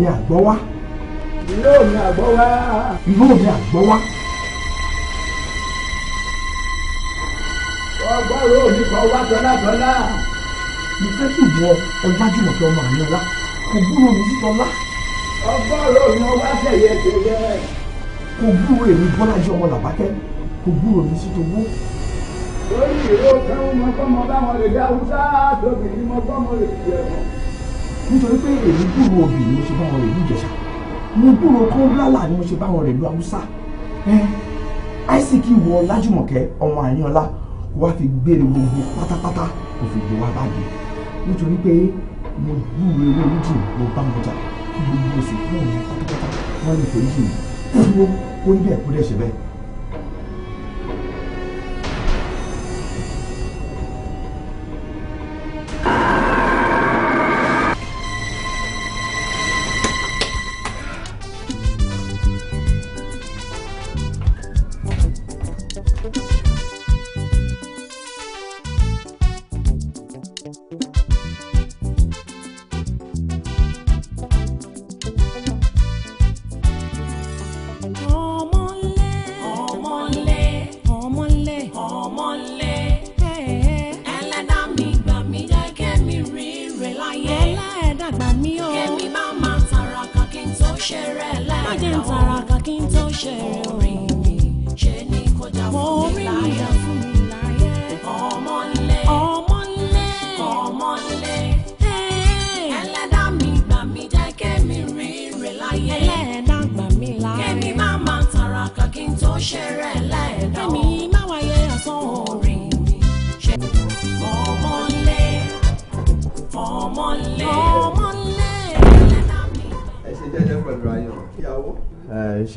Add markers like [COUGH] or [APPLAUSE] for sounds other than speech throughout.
mi àgbọ́ wá. ìró mi àgbọ́ wá. ìró mi àgbọ́ wá. ọgbọ́rọ̀ òní kan wá tọ́látọ́lá. mo fẹ́ kí ìwọ ọlájúmọ̀ tó ọmọ àmì ọlá kò gbúrò mi sí tọ́lá. ọgbọ́rọ̀ òní wá tẹ̀yẹ tẹ̀yẹ. kò gbúrò èmi bọ́lájí ọmọ làbákẹ́ kò gbúrò mi sí tòwó. lórí ìró kan mọ́kànmọ́ báwọn lè dá haúsá tóbi ní mọ́kànmọ́ lè jẹun nítorí pé èmi gbúrò òbí ni mo ṣe bá wọn rè lùjẹ̀ṣà mo gbúrò kọ́ńdúlálà ni mo ṣe bá wọn rè lu haúsá isaac wọ lájùmọ̀kẹ́ ọmọ àyànlá wá fi gbére gbogbo pátápátá kò fi gbé wá báàgì nítorí pé mo gbúrò ewé méjì mo bá wọn jà kí gbogbo oṣù fún òun pátápátá wọn lè forí jì mí kó níbẹ̀ kó dẹ̀ ṣe bẹ́ẹ̀.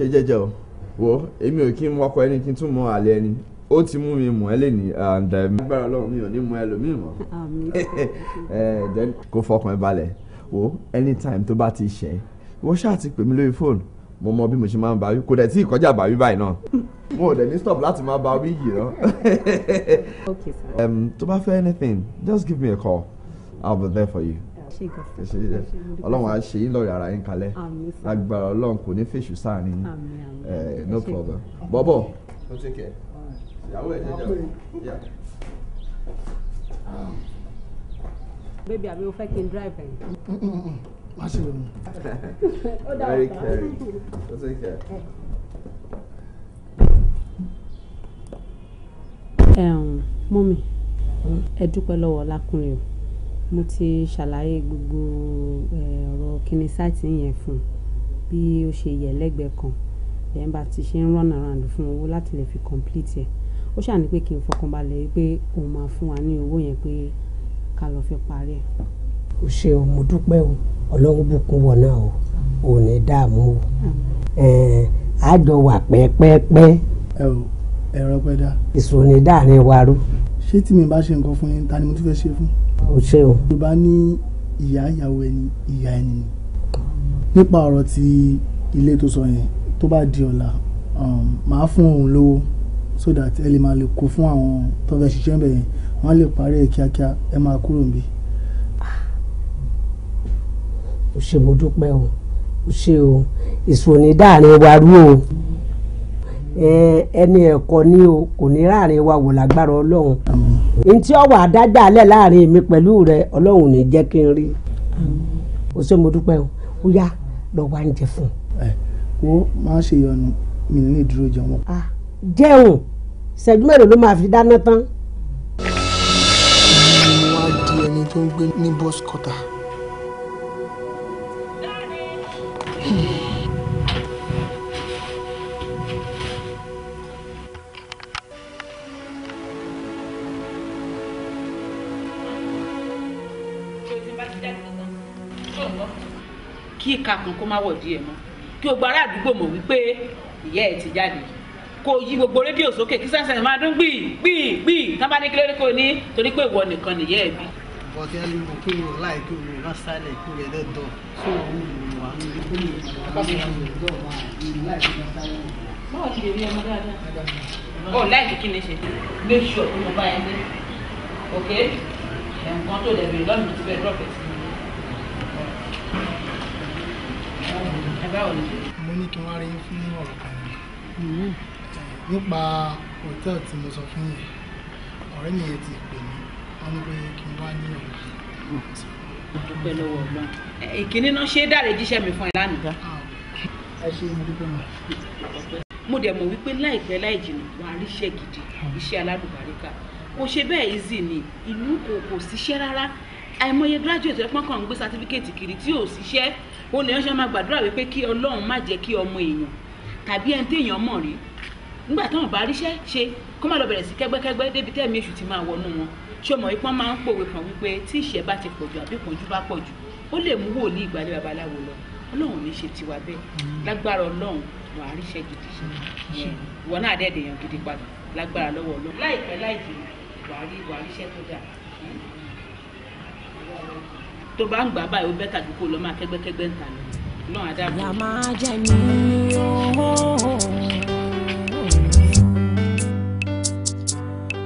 jẹjẹ o wo èmi ò kí ń wọkọ ẹni kí n tún mọ àlẹ ẹni ó ti mú mi mọ ẹ lè ní àǹdà ẹmí. agbára Ọlọ́run mi ò ní mọ ẹlòmíì mọ. [LAUGHS] kó fọkàn ẹ balẹ̀ wo anytime tó bá ti ṣẹ́ wọ́n ṣáà ti pè mí lórí fóònù mo mọ bí mo ṣe máa ń bá wí kò dẹ̀ tí ìkọjá bá wí báyìí náà mo ò dẹ̀ ní stop láti máa bá wí yìí rán. [LAUGHS] tó bá fẹ́ anything just give me a call I'll be there for you ọlọ́run á ṣe yín lọ́ọ̀rẹ́ ara yín kalẹ̀ lágbára ọlọ́run kò ní fèṣù sáàrin no problem bọ́bọ̀ bébí àbí o fẹ́ kí n drive ẹ̀. má ṣe lè mú. ó ẹ dúpẹ́ lọ́wọ́ ọlákùnrin o mo ti ṣàlàyé gbogbo ọ̀rọ̀ kíni sáìtì yẹn fún bí ó ṣe yẹ lẹ́gbẹ̀ẹ́ kan then bá ti ṣe ń run around fún owó láti lè fi complete ẹ̀ ó ṣà ní pé kí n fọkànbalẹ̀ pé òun máa fún wa ní owó yẹn pé ká lọ fi parí ẹ̀. o ṣe o mo dúpẹ́ o ọlọ́run bùkún wọ̀ náà o ò ní dààmú o àjọ wà pẹ́ẹ́pẹ́ẹ́pẹ́. ẹ ò ẹ̀rọ pẹ́ dá. ìṣòro ní dáàrin wa rú ṣé tí mi bá ṣe nǹkan fún yín ta ni mo tún fẹ́ ṣe fún. o ṣe o. yorùbá ní ìyá ìyàwó ẹni ìyá ẹni ni nípa ọ̀rọ̀ tí ilé tó sọ yẹn tó bá di ọ̀la um, màá fún òun lówó so that ẹ lè máa lè kó fún àwọn tó fẹ́ ṣiṣẹ́ ń bẹ̀ yẹn wọ́n lè parí ẹ̀ kíákíá ẹ máa kúrò níbí. o ṣe mo dúpẹ́ o ṣe o ìṣòro ní dáàrin wa rú o ẹni ẹ̀kọ́ ni o kò ní láàrin wa wò lágbára ọlọ́run ntí ọwọ́ àdágbà alẹ́ láàrin mi pẹ̀lú rẹ ọlọ́run ní jẹ́ kí n rí o ṣe mo dúpẹ́ o ó yá lọ wá ń jẹ fún un. wo máa ṣe ìyọnu mi nílé dúró jẹun. jẹun ṣẹ́jú mélòó ló máa fi dáná tán. mo wá di ẹni tó ń gbé ní bọ́sì kọ́tà. kí ìka kan kó má wọ̀dí ẹ̀ mọ́ kí gbogbo ará àdúgbò mọ̀ wípé ìyá ẹ̀ ti jáde kó yí gbogbo rédíò sókè kí sẹ́sẹ̀ máa dún gbì gbì gbì tán bá ní kílódé kò ní torí pé ìwọ nìkan nìyẹ́ ẹ̀ bí. bọ́tí ẹni mo kí wọn láì kí wọn rán sálẹ̀ kí wọn ẹ̀dẹ́ dọ̀ tó wọn mú wa ní kí wọn rán sálẹ̀ dọ̀ wá láì kí wọn sálẹ̀. báwo ti lè rí ọmọ dáadáa. ó láì kí ni ṣe. make sure kí bá ẹ ní. ok nǹkan tó dẹ̀ bẹ̀rẹ̀ lọ́nà tó fẹ́ drop it. báwo ni. mo ní kí n wá rí yín fún ọ̀rọ̀ kan ni mm-hmm. nípa hòtẹ́ẹ̀lì tí mo sọ fún yín ọ̀rẹ́ mi ti pè mí wọ́n ní pé kí n wá ní ọ̀rọ̀ yìí. mo dúpẹ́ lọ́wọ́ ọlọ́run ìkíní náà ṣé dáre jíṣẹ́ mi fún ẹ lánàá. Ah. ẹ ṣe mo dúpẹ́ mọ́. mo dẹ̀ mọ̀ wípé láìpẹ́ láì jìnnà wàá ríṣẹ́ gidi ah. iṣẹ́ aládùbáríkà kò ṣe bẹ́ẹ̀ easy ni ìlú kò kò síṣẹ́ rárá àìmọye graduate ẹ̀pọ́n kan ń gbé certificate kiri tí ò ṣiṣẹ́ ó lè ránṣẹ́ máa gbàdúrà wípé kí ọlọ́run má jẹ́ kí ọmọ èèyàn tàbí ẹni téèyàn mọ̀ rí nígbà táwọn bá ríṣẹ́ ṣe kó má lọ bẹ̀rẹ̀ sí kẹ́gbẹ́kẹ́gbẹ́ débi tẹ́ẹ̀mí èṣù ti máa wọnú wọn ṣé ọmọ ìpọ́n máa ń pòwe kan wípé tí ìṣẹ́ bá ti pọ̀jù àbí ìpọ́njú bá pọ̀jù ó lè mú wòlíì ìgbàlẹ̀ babaláwo lọ ọlọ́run ní ṣe tiwa bẹ́ẹ̀ lágbára ọlọ́run wàá ríṣẹ́ gidi ìwọ náà dẹ́ẹ̀dẹ̀yàn gidi padà lágbára lọ́wọ́ ọlọ́run láìpẹ́ láì jìnnà wàá rí wàá ríṣẹ́ tó dáa tó bá ń gbà báyìí ó bẹ́tà ju kó lọ máa kẹ́gbẹ́kẹ́gbẹ́ ń ta lọ náà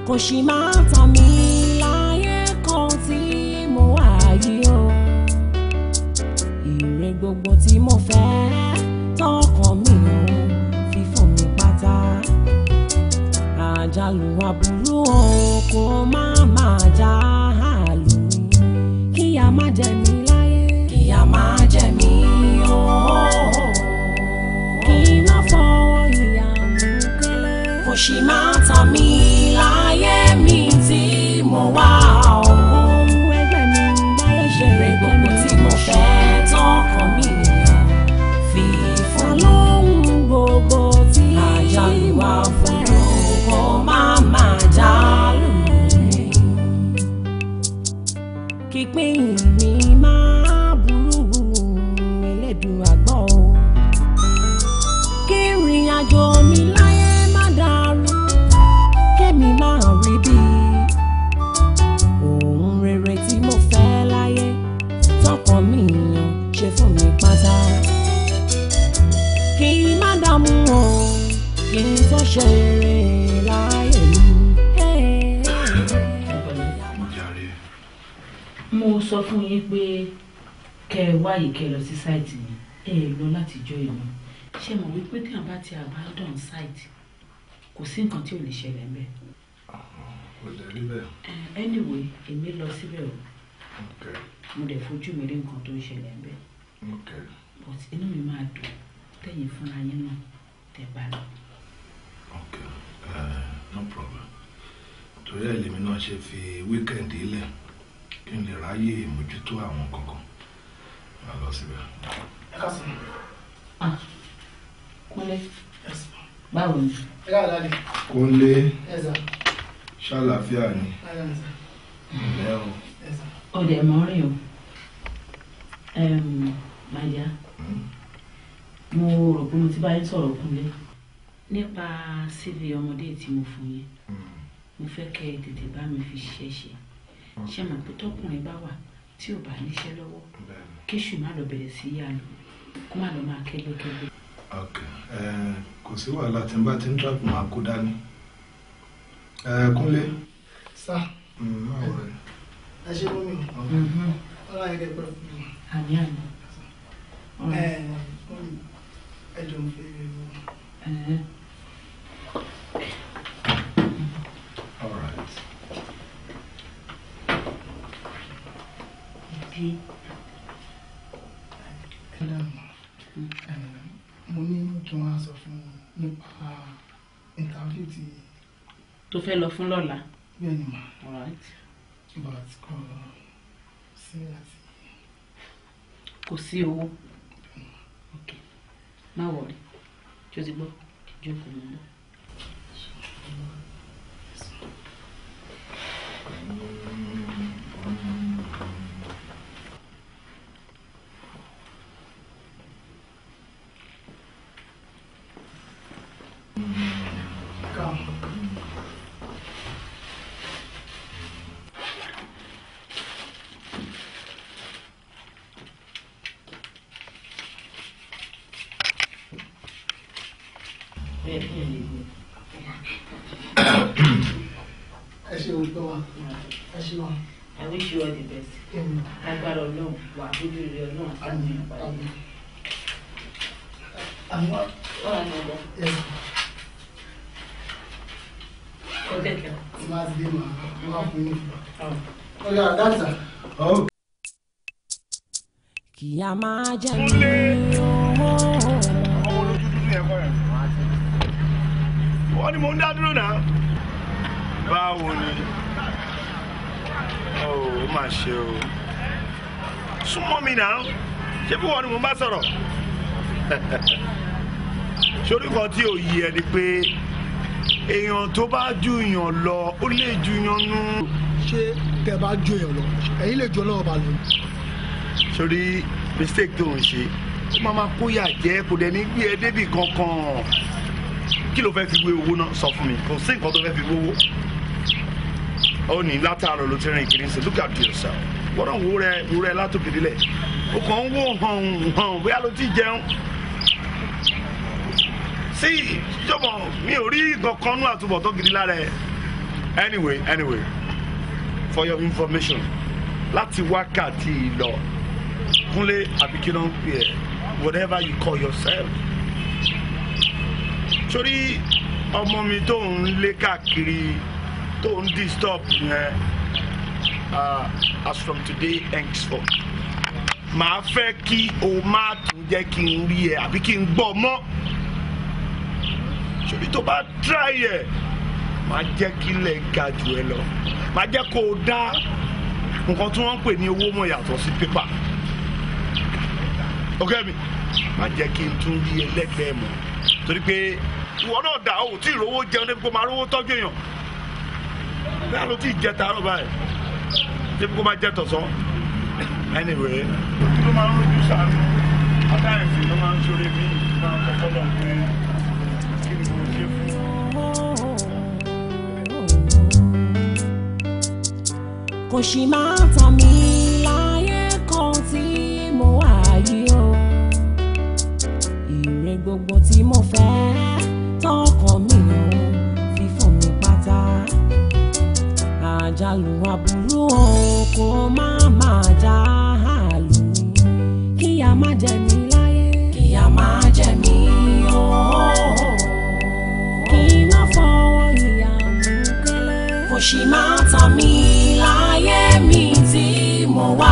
kò sì máa tàn mí láyé kan tí mo wà yìí o èrè gbogbo tí mo fẹ́ tọkàn mi ò fífún mi pátá àjálù àbúrò kò má má já má jẹ mí láyé. ìyà má jẹ mí ooo. kí n má sọ fún yín pé kẹ ẹ wáyé kẹ lọ sí sáìtì yẹn ẹ lọ láti jọ ìlú ṣé mọ̀ wípé tí àwọn bá ti abandon sáìtì kò sí nǹkan tí ò lè ṣẹlẹ̀ ń bẹ̀. kò dẹ̀ rí bẹ́ẹ̀. anyway èmi lọ síbẹ̀ o mo dẹ̀ fojú mi rí nǹkan tó ń ṣẹlẹ̀ ń bẹ̀ but inú mi máa dùn tẹ̀yìn fúnra yín náà tẹ̀ bá lọ. okay uh, no problem torí ẹ̀ lèmi náà ṣe fi wíkẹ̀ndì lẹ̀ kí n lè ráyè mójútó àwọn kankan máa lọ síbẹ̀. ẹ ká sọ. Ah, kúnlé báwo ni. ẹ ká lálẹ. kúnlé ṣàlàáfíà ni ẹ o. ó dẹ̀ mọ́ rìn o màdìá hmm? mo rò pé mo ti bá yín sọ̀rọ̀ kúnlé nípa cv ọmọdé tí mo fún yín hmm. mo fẹ́ kẹ́ ẹ tètè bá mi fi ṣiṣẹ́ ṣe ṣe mọ̀ pé tọkùnrin bá wà tí ò bá níṣẹ́ lọ́wọ́ kéṣù má lọ bẹ̀rẹ̀ sí yá lò kó má lọ máa kẹ́gbẹ́kẹ́gbẹ́. kò sí wàhálà tí n bá ti ń travel máa kó dání kúnlé. sá mm, ẹ ṣe lómi mm-hmm. ọlá yẹn kẹgbẹ fún mi. ẹ ẹ jọ ń fẹ́ ṣe. mo ní kí wọ́n á sọ fún un nípa interview ti. tó fẹ́ lọ fún lọ́la. bẹ́ẹ̀ ni mà. but kò sí àti. kò sí owó má wọrí tí o ti gbọ́ jókòó mi lọ. Mm-hmm. dancer. Okay. kì á máa jẹ́ mi owó. ọmọ olójú dúdú yẹn kọ́ ẹ̀. wọ́n ní mò ń dá dúró náà. báwo ni ó mà ṣe o súnmọ́ mi náà ṣé bí wọ́n ni mò bá sọ̀rọ̀ sórí [LAUGHS] kan tí ò yí ẹ ni pé èèyàn tó bá ju èèyàn lọ ó lè ju yan nú. ṣé tẹ́ bá jó yẹn lọ ẹ̀yin lè jó lọ́wọ́ bá lọ. sori mistake tó ń ṣe ó máa ma kó yà jẹ́ kò dẹ̀ ní gbé ẹ débì kankan kí ló fẹ́ fi wé owó náà sọ fún mi kò sí nǹkan tó fẹ́ fi wé owó. ó ní látàárọ̀ ló ti rìn kiri ṣe look at yourself gbọ́dọ̀ wo rẹ wo rẹ látòkè délẹ̀ o kàn ń wò hàn hàn bóyá ló ti jẹun sí jọ̀bọ̀ mi ò rí nǹkan àtúbọ̀tán gidi lára ẹ anyway anyway for your information láti wákàtí ìlọ kúnlé àbí kí ló ń pè ẹ́ whatever you call yourself. sórí ọmọ mi tó ń lé káàkiri tó ń disturb yẹn uh, as from today henceforth màá fẹ́ kí o má tún jẹ́ kí n rí ẹ àbí kí n gbọ́ mọ́ sórí tó bá try ẹ máa jẹ́ kílẹ̀ ga jù ẹ lọ máa jẹ́ kó o dá nǹkan tí wọ́n ń pè ní owó mọ̀ yàtọ̀ sí pépà ok mi má jẹ́ kí n tún rí ẹlẹ́gbẹ̀ẹ́ mọ́ torí pé ìwọ náà dà ó tí ìrówó jẹun débi kó máa rówó tọ́jú èèyàn náà ló ti jẹ taarọ̀ báyìí débi kó máa jẹ tọ̀sán anyway. kí ló máa ń rojú sàánú àtàyẹ̀sì ló máa ń ṣoore bí ìtura kọ́kọ́ lọ́kùnrin. kò sì máa tàn mí láyé kan tí mo wà yìí o ire gbogbo tí mo fẹ́ tọkàn mi o fífún mi pátá àjálù aburú o kò má má já àlù kíyà má jẹ mí láyé kíyà má jẹ mí o kí n má fọwọ́ ìyá mú kẹ́lẹ́ kò sì máa tàn mí láyé mi tí mo wá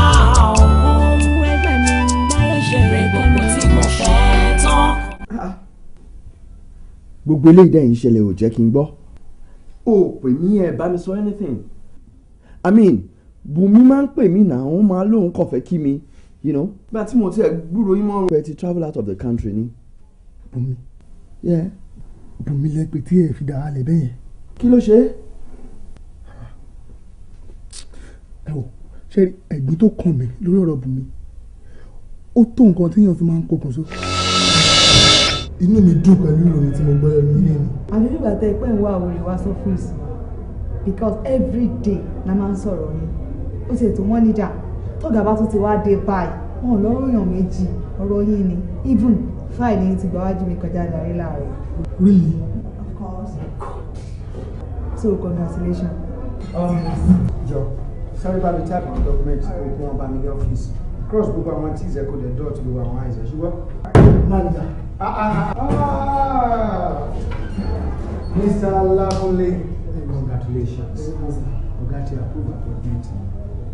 ọ̀hún ẹgbẹ́ mi ṣeré gbogbo tí mo fẹ́ tán. gbogbo eléyìí dẹ́yìn ṣẹlẹ̀ ò jẹ́ kí n gbọ́. o pè mí ẹ bá mi sọ anything. i mean Bùnmi máa ń pè mí náà òun máa lóun kò fẹ́ kí mi you know. gba tí mo ti ẹ̀ gbúròó yín mọ́. pẹ̀ ti travel out of the country ni. Bùnmi. Bùnmi lẹ pé tí ẹ fi dàá lẹ bẹ́yẹn. kí ló ṣe é. ẹ wò ṣe ẹ̀gbín tó kàn mí lórí ọ̀rọ̀ Bùnmi ó tó nǹkan téèyàn fi máa ń kokùn so. inú mi dùn pẹ̀lú ìròyìn tí mo gbọ́ lẹ́nu ilé mi. àbí nígbà tẹ pé ń wá àwòrán wá sọ́fíìsì because every day la máa ń sọ̀rọ̀ yẹn ó ti ètò wọ́n nídà tọ́gà bá tún ti wá dé báyìí wọn ò lọ́rọ̀ èèyàn méjì ọ̀rọ̀ yín ni even fáìlì yín ti gbà wájú mi kọjá darí láàárọ̀. really. of course. so congratulations. Um, jọ sáré bá mi type àwọn document òkú wọn bá mi ní ọ́fíìsì cross gbogbo àwọn tí ìzẹ́kọ̀ lè dọ̀ tí gbogbo àwọn àìsàn ṣùgbọ́n. manager. Ah, ah, ah, Mr. Lakunle congratulations ọ̀gá approve appointment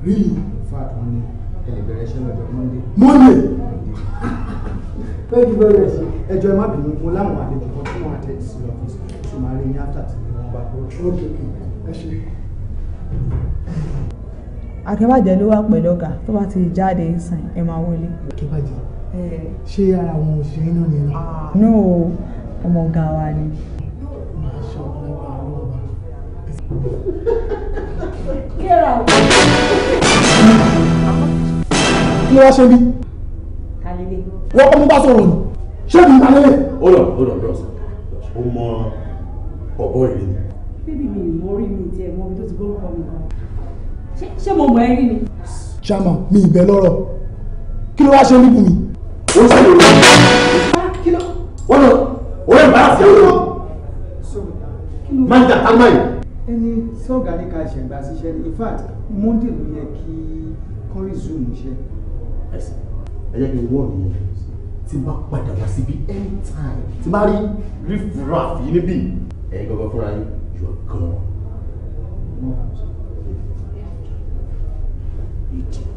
really in fact wọ́n ní deliberation lọ́jọ́ Monday. Monday. thank you very much. ẹjọ́ ẹ má bínú mo láwọn àlejò kan tí wọ́n attend sí ọ́fíìsì tí màá rí ní after tí wọ́n bá kúrò. ok ẹ ṣe akínbàjẹ́ ló wà pẹ̀lú ọ̀gá tó bá ti jáde sàn ẹ máa wọlé. akínbàjẹ́ ṣé ara àwọn òṣèré náà nìyẹn. inú ah, ọmọ ọ̀gá wa ni. kí ló wá ṣe bí. wọ́n kọ́ mú bá sọ̀rọ̀ ni ṣé kì í ta lélẹ̀. hold on hold on bros ó mọ ọ̀bọ̀ ìrìn. bíbí mi ò mọ orí mi tiẹ̀ mọ ibi tó ti gbórúkọ mi kan ṣé mo mọ̀ ẹ́ rí ni. ṣàmà mi ìbẹ lọ́rọ̀ kí ló wá ṣe níbù mi. ó ṣe lè rí i. wọ́n lọ òun ẹ̀ bá a fẹ́ lọ. máa ń jà tá máa yìí. ẹni sọ́ọ̀gá ní ká ṣe ìgbà ṣiṣẹ́ in fact monday ló yẹ kí kọ́rí zoom ṣe. ẹ jẹ́ kí n wọ̀ nìyẹn tí bá padà wá síbi anytime tí bá rí riff raff yìí níbí ẹ̀yin gbọ́dọ̀ fúnra yín yóò gan you.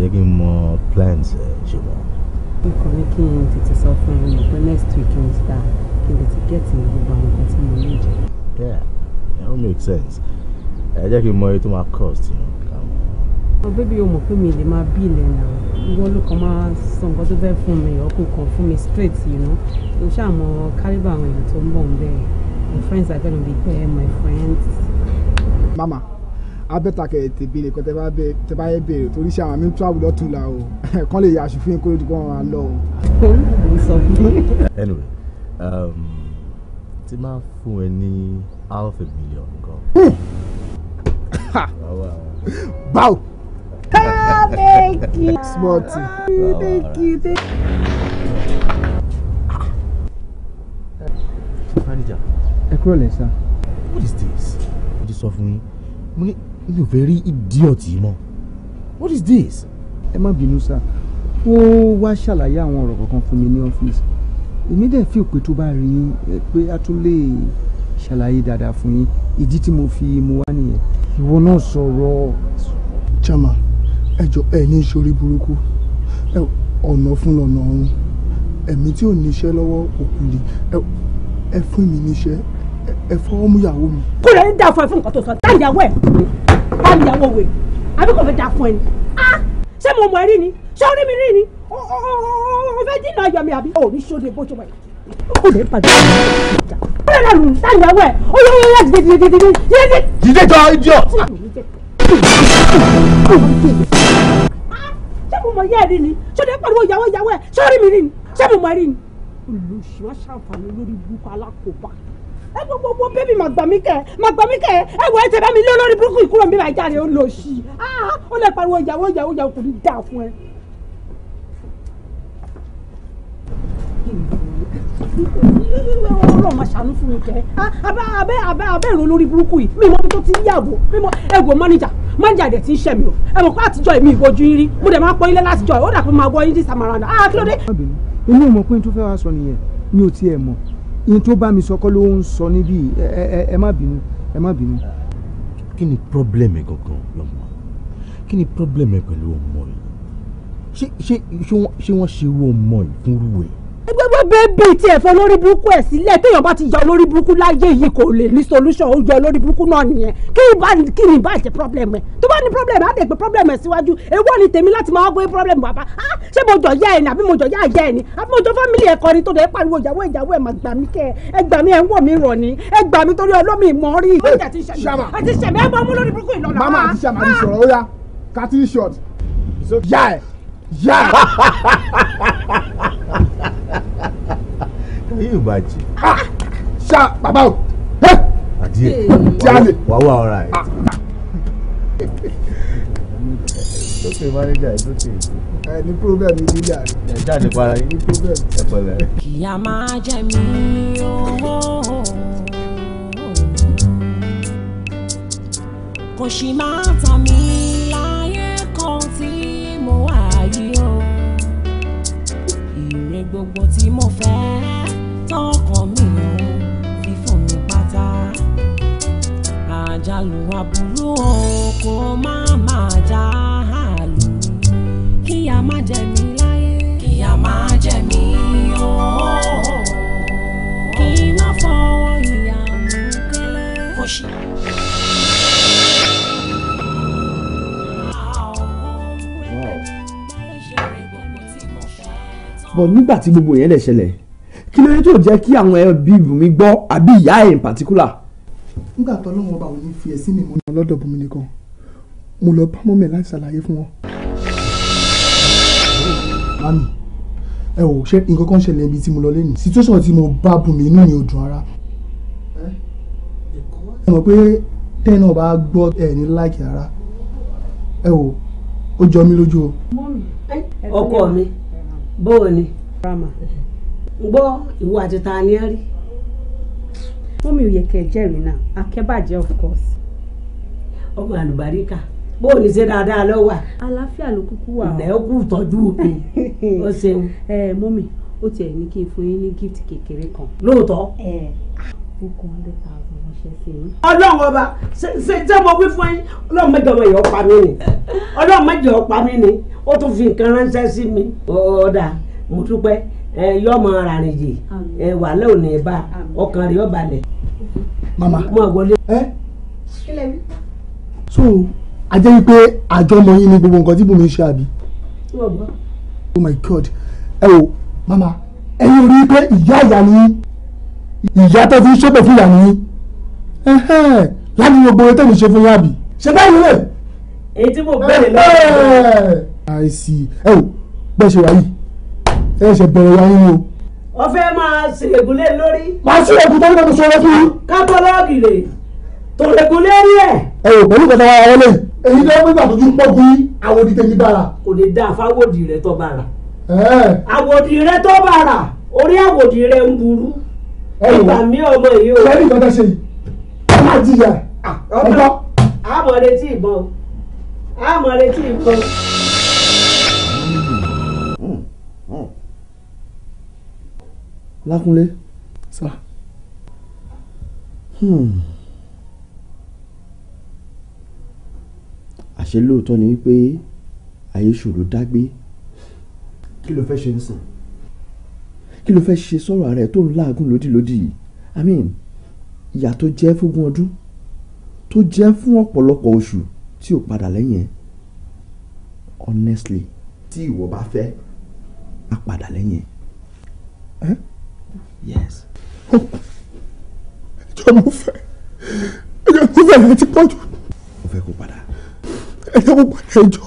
jẹ́ kí n mọ plans ẹ̀ ṣùgbọ́n. mo kàn ní kí n tètè sọ fún ẹ pé next week n star kí n tètè get gbogbo àwọn nǹkan tí mo ní ìjẹ. yeah that would make sense ẹ jẹ́ kí n mọ iye tó máa cost yẹn ká mọ̀. ọ bébí o mọ̀ pé mi lè máa bí ilẹ̀ náà ìwọ ló kàn máa sọ nǹkan tó fẹ́ fún mi ọkọ̀ kan fún mi straight you know o ṣáà mọ kálíbà àwọn èèyàn tó ń bọ̀ ń bẹ́ẹ̀ my friends are gonna be there my friends. mama abẹ́tàkẹ́ ètè béèrè kan tẹ bá yẹ béèrè torí ṣe àwọn mi travel lọ́tún la o [LAUGHS] kán lè yà aṣòfin kó lójú kó lọ [LAUGHS] anyway um, tí máa fún ẹ ní half a million gan. Hmm. [LAUGHS] báwo. thank you. small thing. thank you thank you. manager. ẹ kúrò lẹ́sà. what is this? mo ti sọ fún yín mo ní mi very fẹ́ rí idiot yìí what is this. Emma binusa. Oh, why shall I ṣàlàyé àwọn ọ̀rọ̀ kankan fún mi ní ọ́fíìsì èmi feel fi òpè tó bá rí yín shall I, tún lè ṣàlàyé dáadáa fún yín ìdí tí mo fi mu wá chama ẹ jọ ẹ ní ìṣòrí burúkú ọ̀nà fún lọ́nà ọ̀run ẹ̀mí tí ò níṣẹ́ lọ́wọ́ òkùnrin ẹ fún mi níṣẹ́ ẹ fọwọ́ mú ìyàwó mi. kúrò ní dáa fún ẹ fún nǹkan tó sọ wá níyàwó wèrè àbí kò fẹ́ dà fún ẹ ni ah! ṣé mo mọ̀ ẹ́ rí ni ṣé orí mi rí ni o fẹ́ dínà ayọ̀ mi àbí. o ní sóde bó ṣe wà yìí o lè bàjẹ́ o lè dànù sáyẹ̀wò ẹ̀ o yọ yọ yọ dìde dìde dìde dìde. dìde jọ idiot. ṣé ah! mo mọ̀ yẹ́ ẹ̀ rí ni sóde pariwo ìyàwó ìyàwó ẹ̀ ṣé orí mi rí ni ṣé mo mọ̀ ẹ́ rí ni. olùsíwáṣàǹfààní lórí ibùkún alákòóbá ẹ gbogbo gbogbo bébì mà gbà mí kẹ mà gbà mí kẹ ẹ wọ ẹ tẹ bá mi lé olórí burúkú ìkúrò mi máa jáde ó lọ sí i ah, ó lè pariwo ìyàwó ìyàwó ìyàwó kò ní dà fún ẹ. ọlọ́run máa ṣàánú fún mi kẹ́ ah, abẹ́ abẹ́ abẹ́ abẹ́ ìrò lórí burúkú yìí mímọ́ tó ti ń yàgò mímọ́ ẹ̀gbọ́ mánéjà mánéjà dẹ̀ ti ń ṣẹ̀mí o ẹ̀mọ̀ pé àtijọ́ èmi ìbojú yín rí mo dẹ̀ máa pọ́n ilé látijọ́ ẹ̀ ó dà pé máa gbọ́ yín dì samaranda ah kí ló dé. inú ìmọ̀ pé n fẹ́ wá sọ nìyẹn mi ò tiẹ̀ mọ̀ ihun tó bá mi sọ kọ́ ló ń sọ níbí ẹ má bínú ẹ má bínú. kí ni pọ́blẹ́mù ẹ gangan lọ́mọ kí ni pọ́blẹ́mù ẹ pẹ̀lú ọmọ yìí ṣé wọ́n ṣe irú ọmọ yìí fún irú gbogbo bẹ́ẹ̀bì tí ẹ̀fọ́ lórí burúkú ẹ̀ sílẹ̀ téèyàn bá ti yọ lórí burúkú láyé yìí kò lè ní solution ó yọ lórí burúkú náà nìyẹn kí ni bá kí ni bá jẹ problem ẹ tó bá ní problem á dẹ̀ gbé problem ẹ síwájú èwo ni tèmi láti máa gbé problem bàbá á ah, ṣé mo jọ yá ẹ ni àbí mo jọ yá ẹ yá ẹ ni àbí mo jọ family ẹ kọ ni tó dẹ̀ pariwo ìyàwó ìyàwó ẹ mà gbà mí kẹ ẹ gbà mí ẹ ń wọ̀ mí rọ̀ ni ẹ gbà mí torí ọlọ́mì mọ́ rí i. ṣ Yeah. [LAUGHS] Can you imagine? Ah, sha, baba o. Hey. Adie. Jale. Wa wa all right. Okay, manager, it's okay. Ẹ eh, ní problem ní ìyá rẹ̀. Ẹ jáde para yín. Ní problem. Ẹ pẹ̀lẹ́. Ìyá máa jẹ mí owó. Kò sì máa tàn mí. gbogbo tí mo fẹ́ tọkàn mi mú fífún mi pátá àjálù aburú o kò má má já àlù kí a má jẹ mí láyé kí a má jẹ mí o kí n má fọwọ́ ìyá mú kẹ́lẹ́. but nígbà tí gbogbo yẹn lè ṣẹlẹ̀ kí ló yẹ tó jẹ́ kí àwọn ẹbí Bùnmi gbọ́ àbí ìyá ẹ̀ in particular. nígbà tó lọ́wọ́ ọba òní fi ẹ̀sìn mi mọ́. lọ́dọ̀ Bùnmi nìkan mo lọ bá mọ́mẹ́ láti ṣàlàyé fún wọn. mami ẹ ò ṣe nǹkan kan ṣẹlẹ̀ ibi tí mo lọ lẹ́nu situation tí mo bá Bùnmi inú mi ò dùn ara. ẹ mọ̀ pé tẹ́ẹ̀ náà bá gbọ́ ẹ̀ ní láìkì ara ẹ ò ó jọ mí lójú o. ọkọ mi. bóò ni gbọ́ ìwọ àti ta ni ẹ rí. mi of course. ọmọ àlùbáríkà bóò ní ṣe dáadáa lọ wà. àlàáfíà ló kúkú wà. ìlẹ̀ ó kú tọ́jú mi ó ṣeun. ẹ [LAUGHS] eh, ẹ gift kekere kan. lóòótọ́. Eh, ọlọ́run ọba ṣé mo wí fún yín ọlọ́run mẹ́jọ ọmọ ìyá ọ̀pá mi ni ọlọ́run mẹ́jọ ọ̀pá mi ni ó tún fi nǹkan ránṣẹ́ sí mi ọ̀ọ́dà mo dúpẹ́ yọ ọmọ arìnrìn yìí wà lóòní ẹ̀ bá ọkàn rẹ̀ ọba lẹ̀. mama mo wọlé. ẹ so a jẹ́ wípé àjọmọ yín ni gbogbo nǹkan tí bùnmi ń ṣe àbí. oh my god ẹ wo mama ẹ̀yin rí i pé ìyá ìyá ni ìyá tó fi ń ṣépè fún ìyá ni yín láti gbogbo ẹ tẹ̀lé ṣe fún yín àbí ṣe báyìí rẹ̀. èyí tí mo bẹ̀rẹ̀ lọ́wọ́. àìsí ẹ ò bẹ́ẹ̀ ṣe wà yìí ẹ ṣe bẹ̀rẹ̀ wà yín o. wọ́n fẹ́ máa ṣègùn lórí. máa ṣègùn tó ń bọ̀ sọ̀rọ̀ fún yín. kátólọ́ọ̀gì rè tòlẹ̀kùn lérí ẹ̀. ẹ ò pẹ̀lú kẹta wa wọlé. èyí ló ń gbà tó tún pọ̀ bí àwòdì tẹ̀lé bára. kò lè dáa fáwòdì rẹ tó bára. àwòdì rẹ tó bára orí àwòdì rẹ ń burú. ìgbà mi ọmọ yìí o. sẹ́ni ìgbà ṣe yìí máa jìyà ah, ẹ̀gbọ́n. àmọ̀ retí ìbọn àmọ̀ retí ìbọn. lákúnlé sá hmm. àṣé lóòótọ́ ni wípé ayé ṣòro dágbé. kí ló fẹ́ ṣe ń sìn. kí ló fẹ́ ṣe sọ̀rọ̀ ara ẹ̀ tó ń láàgùn lódìlódì yìí i mean ìyà tó jẹ́ fógún ọdún tó jẹ́ fún ọ̀pọ̀lọpọ̀ oṣù tí ò padà lẹ́yìn ẹ̀ honestly tí ìwọ bá fẹ́ á padà lẹ́yìn ẹ̀. yes. ẹjọ́ mo fẹ́ ẹjọ́ mo fẹ́ láti pọ̀jù. mo fẹ́ kó padà. ẹjọ́ mo padà ẹjọ́.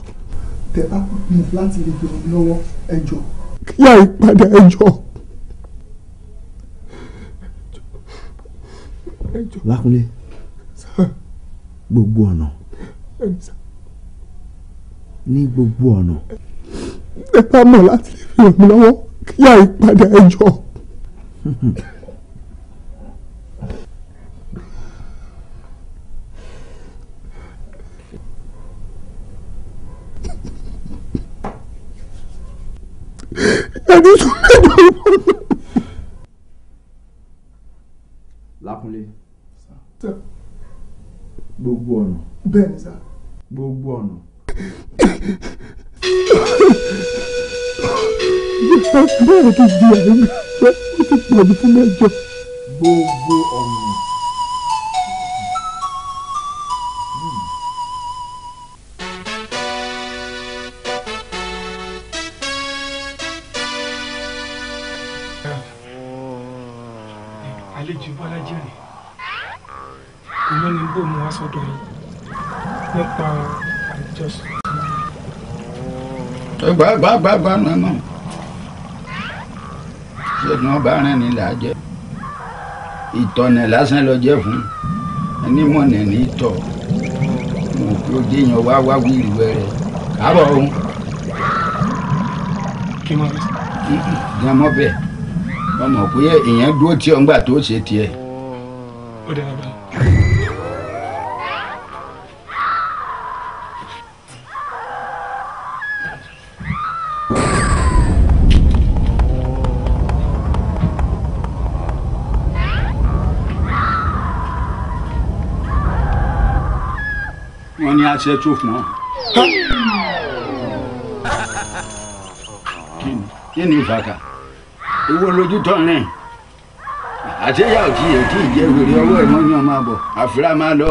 tẹ bá kú láti lè gbẹ̀rù lọ́wọ́ ẹjọ́. kíyà ìpadà ẹjọ́. lákúnlé gbogbo ọ̀nà ní gbogbo ọ̀nà. ẹ bá mọ̀ láti lè fi ràn mí lọ́wọ́ kí yá ìpadà ẹ Lákúnlé gbogbo ọ̀nà. bẹ́ẹ̀ ni sá. gbogbo ọ̀nà. bẹ́ẹ̀ ti di àyè pé ó ti pọ̀ ní fún mẹ́jọ. gbogbo ọ̀nà. àlejò bọ́lá lónìí bò mú wá sọ́dọ̀ yìí nípa àjọṣe. ẹgbà ẹgbà ẹgbà ẹgbà náà náà ṣègùn ọba rìn ní làájẹ ìtọ̀nà lásán lọ jẹ́ fún ẹni mọ̀nà ní ìtọ̀ mo kí o déyàn wá wá wíìlì wẹrẹ káàbọ̀ ọ̀hún. kí n mọ̀ bẹ́ẹ̀ ọmọ pé èèyàn dúró tí ọ̀ ń gbà tó ṣe tiẹ̀. ó dẹ́ bàbá. ṣe tó fún ọ. kí ni ìfàkà ìwọ lójú tọ́ rìn àti ẹ̀yà òtí ètí ìjẹ́ wèrè ọwọ́ ẹ̀ mọ́ ní ọmọ àbọ̀ àfúrá máa lọ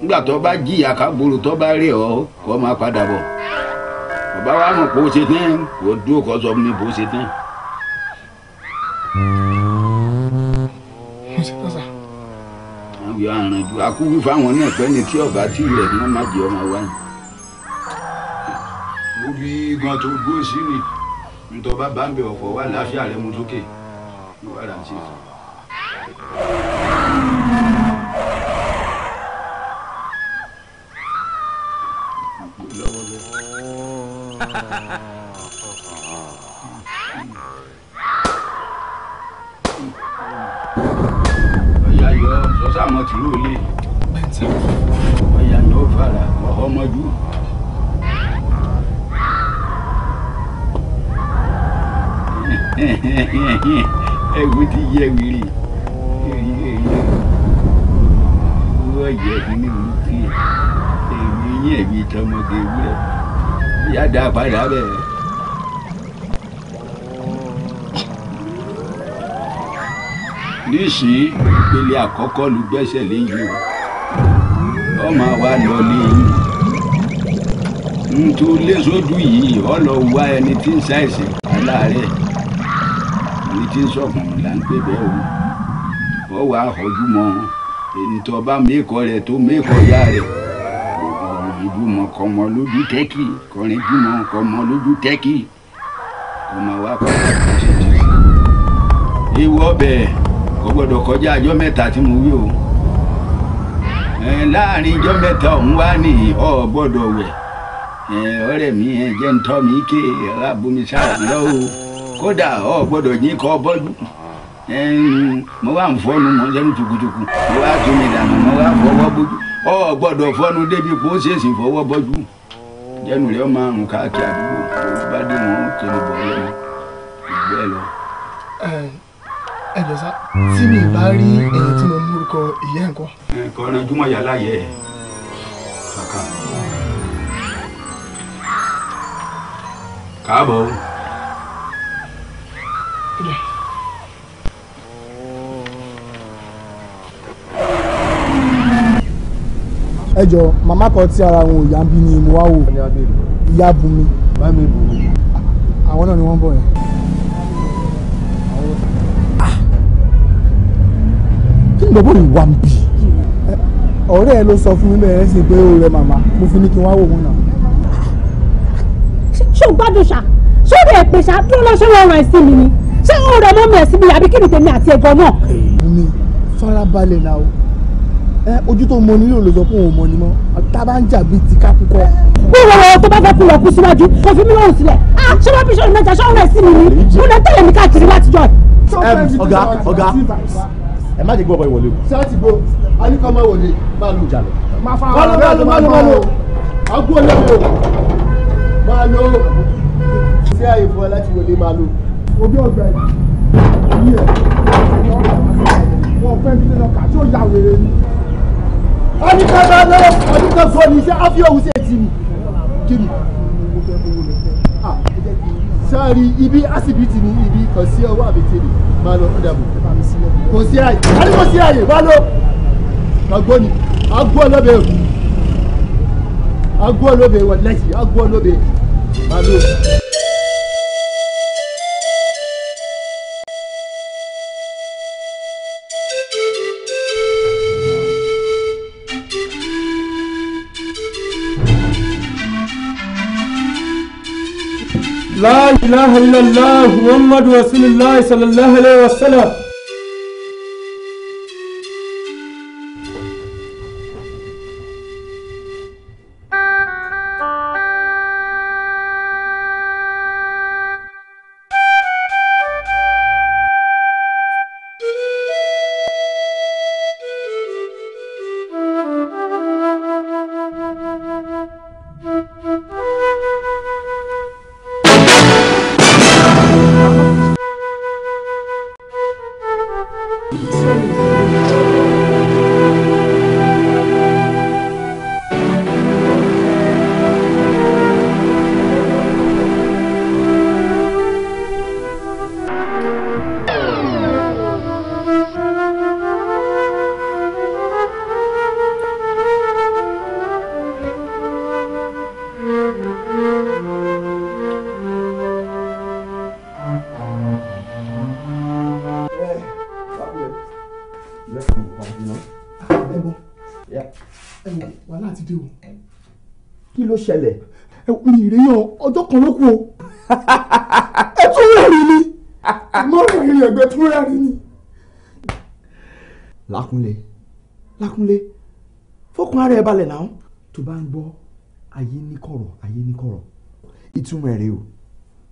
nígbà tó bá jìyà kágboro tó bá rí ọ kó máa padà bọ̀ bàbá wa mọ̀ kó o ṣe tán kó o dúró kó sọ fún mi bó o ṣe tán. ìdú akúwí fáwọn náà ni tí ọba tí ilẹ̀ náà má jẹ́ ọmọ wáyé. mo bí gan tó gbó sí ni nítorí bá bá ń bẹ ọ̀fọ̀ wà láàfin ààrẹ mu sókè mo wà láǹtí. bailar, eh. nísìnyí ìpele àkọ́kọ́ ló gbẹ́sẹ̀ léyìí o ọmọ wa lọ léyìí ntò léṣojú yìí ọ lọ wá ẹni tí ń ṣàìsàn kálá rẹ ẹni tí ń sọkùn là ń pè bẹ́ẹ̀ o ọ wà á họjú mọ́ ẹni tó bá kọrin bímọ kọmọ lójú tẹ́kì kọrin bímọ kọmọ lójú tẹ́kì kọmọ wa kọ ewu ọbẹ̀ kò gbọ́dọ̀ kọjá àjọ mẹ́ta tí mo wí o láàrin ìjọ mẹ́ta ọ̀hún wá ní ọ gbọ́dọ̀ wẹ̀ ọ̀rẹ́ mi ẹ jẹ́ ń tọ́ mi ké abomi sára lọ́wọ́ kódà ọ gbọ́dọ̀ yín kọ́ bọ́jú mo wá ń fọ́nu mọ́ lẹ́nu tukutuku mo wá tún mi dànù mo wá fọwọ́ bójú ọ gbọ́dọ̀ fọnu débi kó ṣèṣì fọwọ́ bọ́jú jẹ́nu rẹ̀ máa rùn káàkiri àdúgbò tó bá dé mọ́ kiri bọ̀ lẹ́nu ìgbẹ́ lọ. ẹ jọ sá tí mi bá rí ẹ̀yìn tí mo mú orúkọ ìyá ẹ̀ kọ́. ẹ̀kọ́ ọ̀ràn júmọ̀ yà láyé ẹ̀ kàkà. káàbọ̀. Yeah. ẹ jọ màmá kan tí ara wọn ò yá bí ni mo wá wò ìyá Bùnmi. bámi Bùnmi. àwọn náà ni wọ́n ń bọ̀ yẹn. kí ni bọ́bọ́ yìí wà ń bì? ọ̀rẹ́ ẹ ló sọ fún mi bẹ́ẹ̀ sì pé ó rẹ màmá mo fi ní kí n wá wò wọn náà. ṣé o gbádùn ṣá ṣé o rẹ̀ pè ṣá tó lọ ṣé wọ́n rán ẹ mi ni ṣé o rẹ̀ mọ́ mi ẹ̀ síbi àbí kí ni tèmi àti ẹ̀gọ́ náà. mi farabalẹ̀ náà o ẹ ojú tó mọ nílò ló sọ pé òun mọ ni mọ tá bá ń jà bíi ti ká púpọ̀. bí wọ́n wọ́n tó bá fẹ́ kú lọ kú síwájú kò fi mí lọ́rùn sílẹ̀ ah, ṣé wọ́n fi ṣọ́ọ̀rùn mẹ́ta ṣọ́ọ̀rùn rẹ̀ sí mi ni mo lọ tẹ̀lé mi káàkiri látijọ́. ọ̀gá ọ̀gá ẹ má jẹ́ gbọ́ ọ̀bọ ìwọlé o. sẹ́ẹ̀tì gbó ayíkọ́ máa máa lù jàlọ. máa fa àwọn ọ̀rẹ́ mi máa lò máa lò àgbo olóògbé o máa lò sí àyè fún ẹ láti wọlé máa lò. òbí ọgbà yìí ẹ wọ́n fẹ́ẹ́ fi lọ kà tí ó yà wèrè ni oníkàtà lọ́wọ́ oníkàtà ní iṣẹ́ áfíọ̀hún ṣe ti mi kiri sáàrí ibi asibiti ní ibi kan sí ọwọ́ àbẹ̀tẹ̀lẹ̀ máa lọ ọ̀dàbọ̀ kò sí àyè àdìgbò sí àyè wá lọ àgbo ni àgbo ọlọ́bẹ̀ ẹ̀kú àgbo ọlọ́bẹ̀ wọ̀ lẹ́sì àgbo ọlọ́bẹ̀ lọ. لا إله إلا الله محمد رسول الله صلى الله عليه وسلم [LAUGHS] ẹ tún rẹ́rìn ni mọ́ rẹ́rìn ẹ̀gbẹ́ tún rẹ́rìn ni. lákúnlé lákúnlé fọkàn ara ẹ balẹ̀ náà tó bá ń gbọ́ ayé ní kọ̀rọ̀ ayé ní ìtumọ̀ rẹ̀ o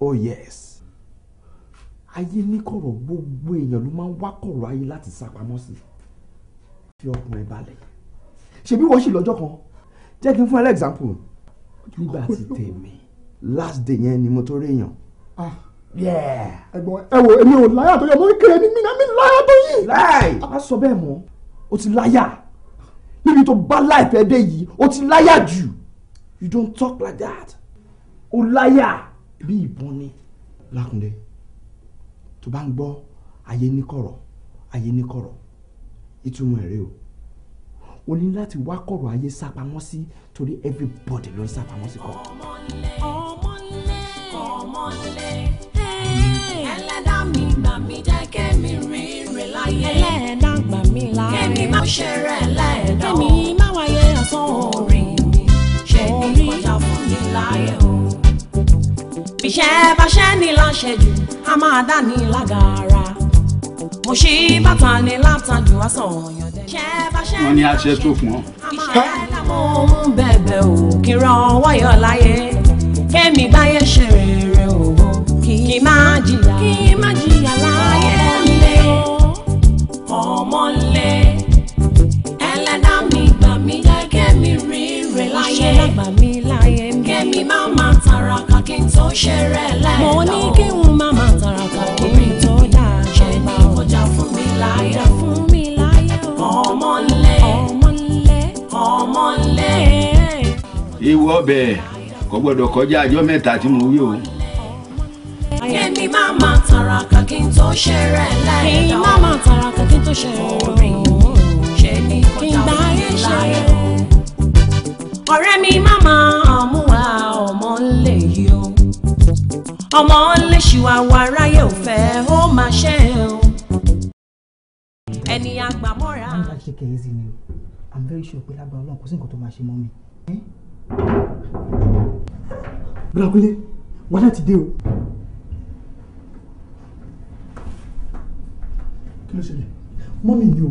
oh yes ayé ní kọ̀rọ̀ gbogbo èèyàn ló máa ń wá kọ̀rọ̀ ayé láti sá pamọ́ sí fi ọkàn ẹ balẹ̀ ṣebí wọ́n ṣì lọ́jọ́ kan jẹ́ kí n fún ẹ lẹ́gzámpù nígbà tí tèmi last day yẹn ni mo tó rí èèyàn. Ah, ẹ̀gbọ́n ẹ wo èmi ò láyà tó yẹ mo kéré ní mi náà mi láyà tó yìí. láì má sọ bẹ́ẹ̀ mọ́ o ti láyà níbi tó bá láìpẹ́ dé yìí o ti láyà jù you don't talk like that o láyà bí ìbọn ni. lákùndé tó bá ń gbọ́ ayé níkọ̀rọ̀ ayé níkọ̀rọ̀ ìtumọ̀ ẹ̀rẹ́ o o ní láti wá kọ̀rọ̀ ayé sápamọ́ sí torí everybody ló ń sàpamọ́ sí kọ́. ọmọlé ọmọlé ẹlẹ́dà mi gbà mí jẹ́ kẹ́mi rìn rìn láyé ẹlẹ́dà gbà mí láyé kẹ́mi má ṣe rẹ̀ lẹ́ẹ̀dọ́ kẹ́mi má wáyé àsán orin mi ṣe ní kọjá fún mi láyé o. bíṣẹ́ bá ṣẹ́ ni láṣẹ jù a máa dá ní lágara mo ṣí bàtà ni látàjù wá sọ̀rọ̀ yàn dé. wọ́n ní aṣẹ tó fún ọ. iṣẹ́ lámọ́ ń bẹ̀bẹ̀ o kí n ran ọwọ́ yọ láyé kẹ́mi báyé ṣe rere o kì í má jìyà kì í má jìyà láyé lé ọmọ lé ẹlẹ́dá mi gbà mí jẹ́ kẹ́mi rí láyé kẹ́mi má má tàràkà kí tó ṣe rẹ̀ lẹ́ẹ̀dọ́. mo ní kí n má. lọ́wọ́ ọbẹ̀ kò gbọ́dọ̀ kọjá àjọ mẹ́ta tí mo wí o. kẹ́mi máa ma tàràkà kí n tó ṣe rẹ̀ lẹ́ẹ̀dọ́. kí n máa ma tàràkà kí n tó ṣe rẹ̀ lẹ́ẹ̀dọ́. ṣe ni kọjá òfin láyé o. ọ̀rẹ́ mi máa ma àmúwa ọmọ ńlẹ̀ yìí o. ọmọ ńlẹ̀ ṣìwàwà aráyé ò fẹ́ ó máa ṣe o. ẹni àgbàmọ́ra. I'm very sure pé lágbára Ọlọ́run kò sí nǹkan tó máa ṣe mọ́ mi. Bírákúnlé, wàhálà ti dé o. Kí ló ṣẹlẹ̀? Mọ́mì ni o.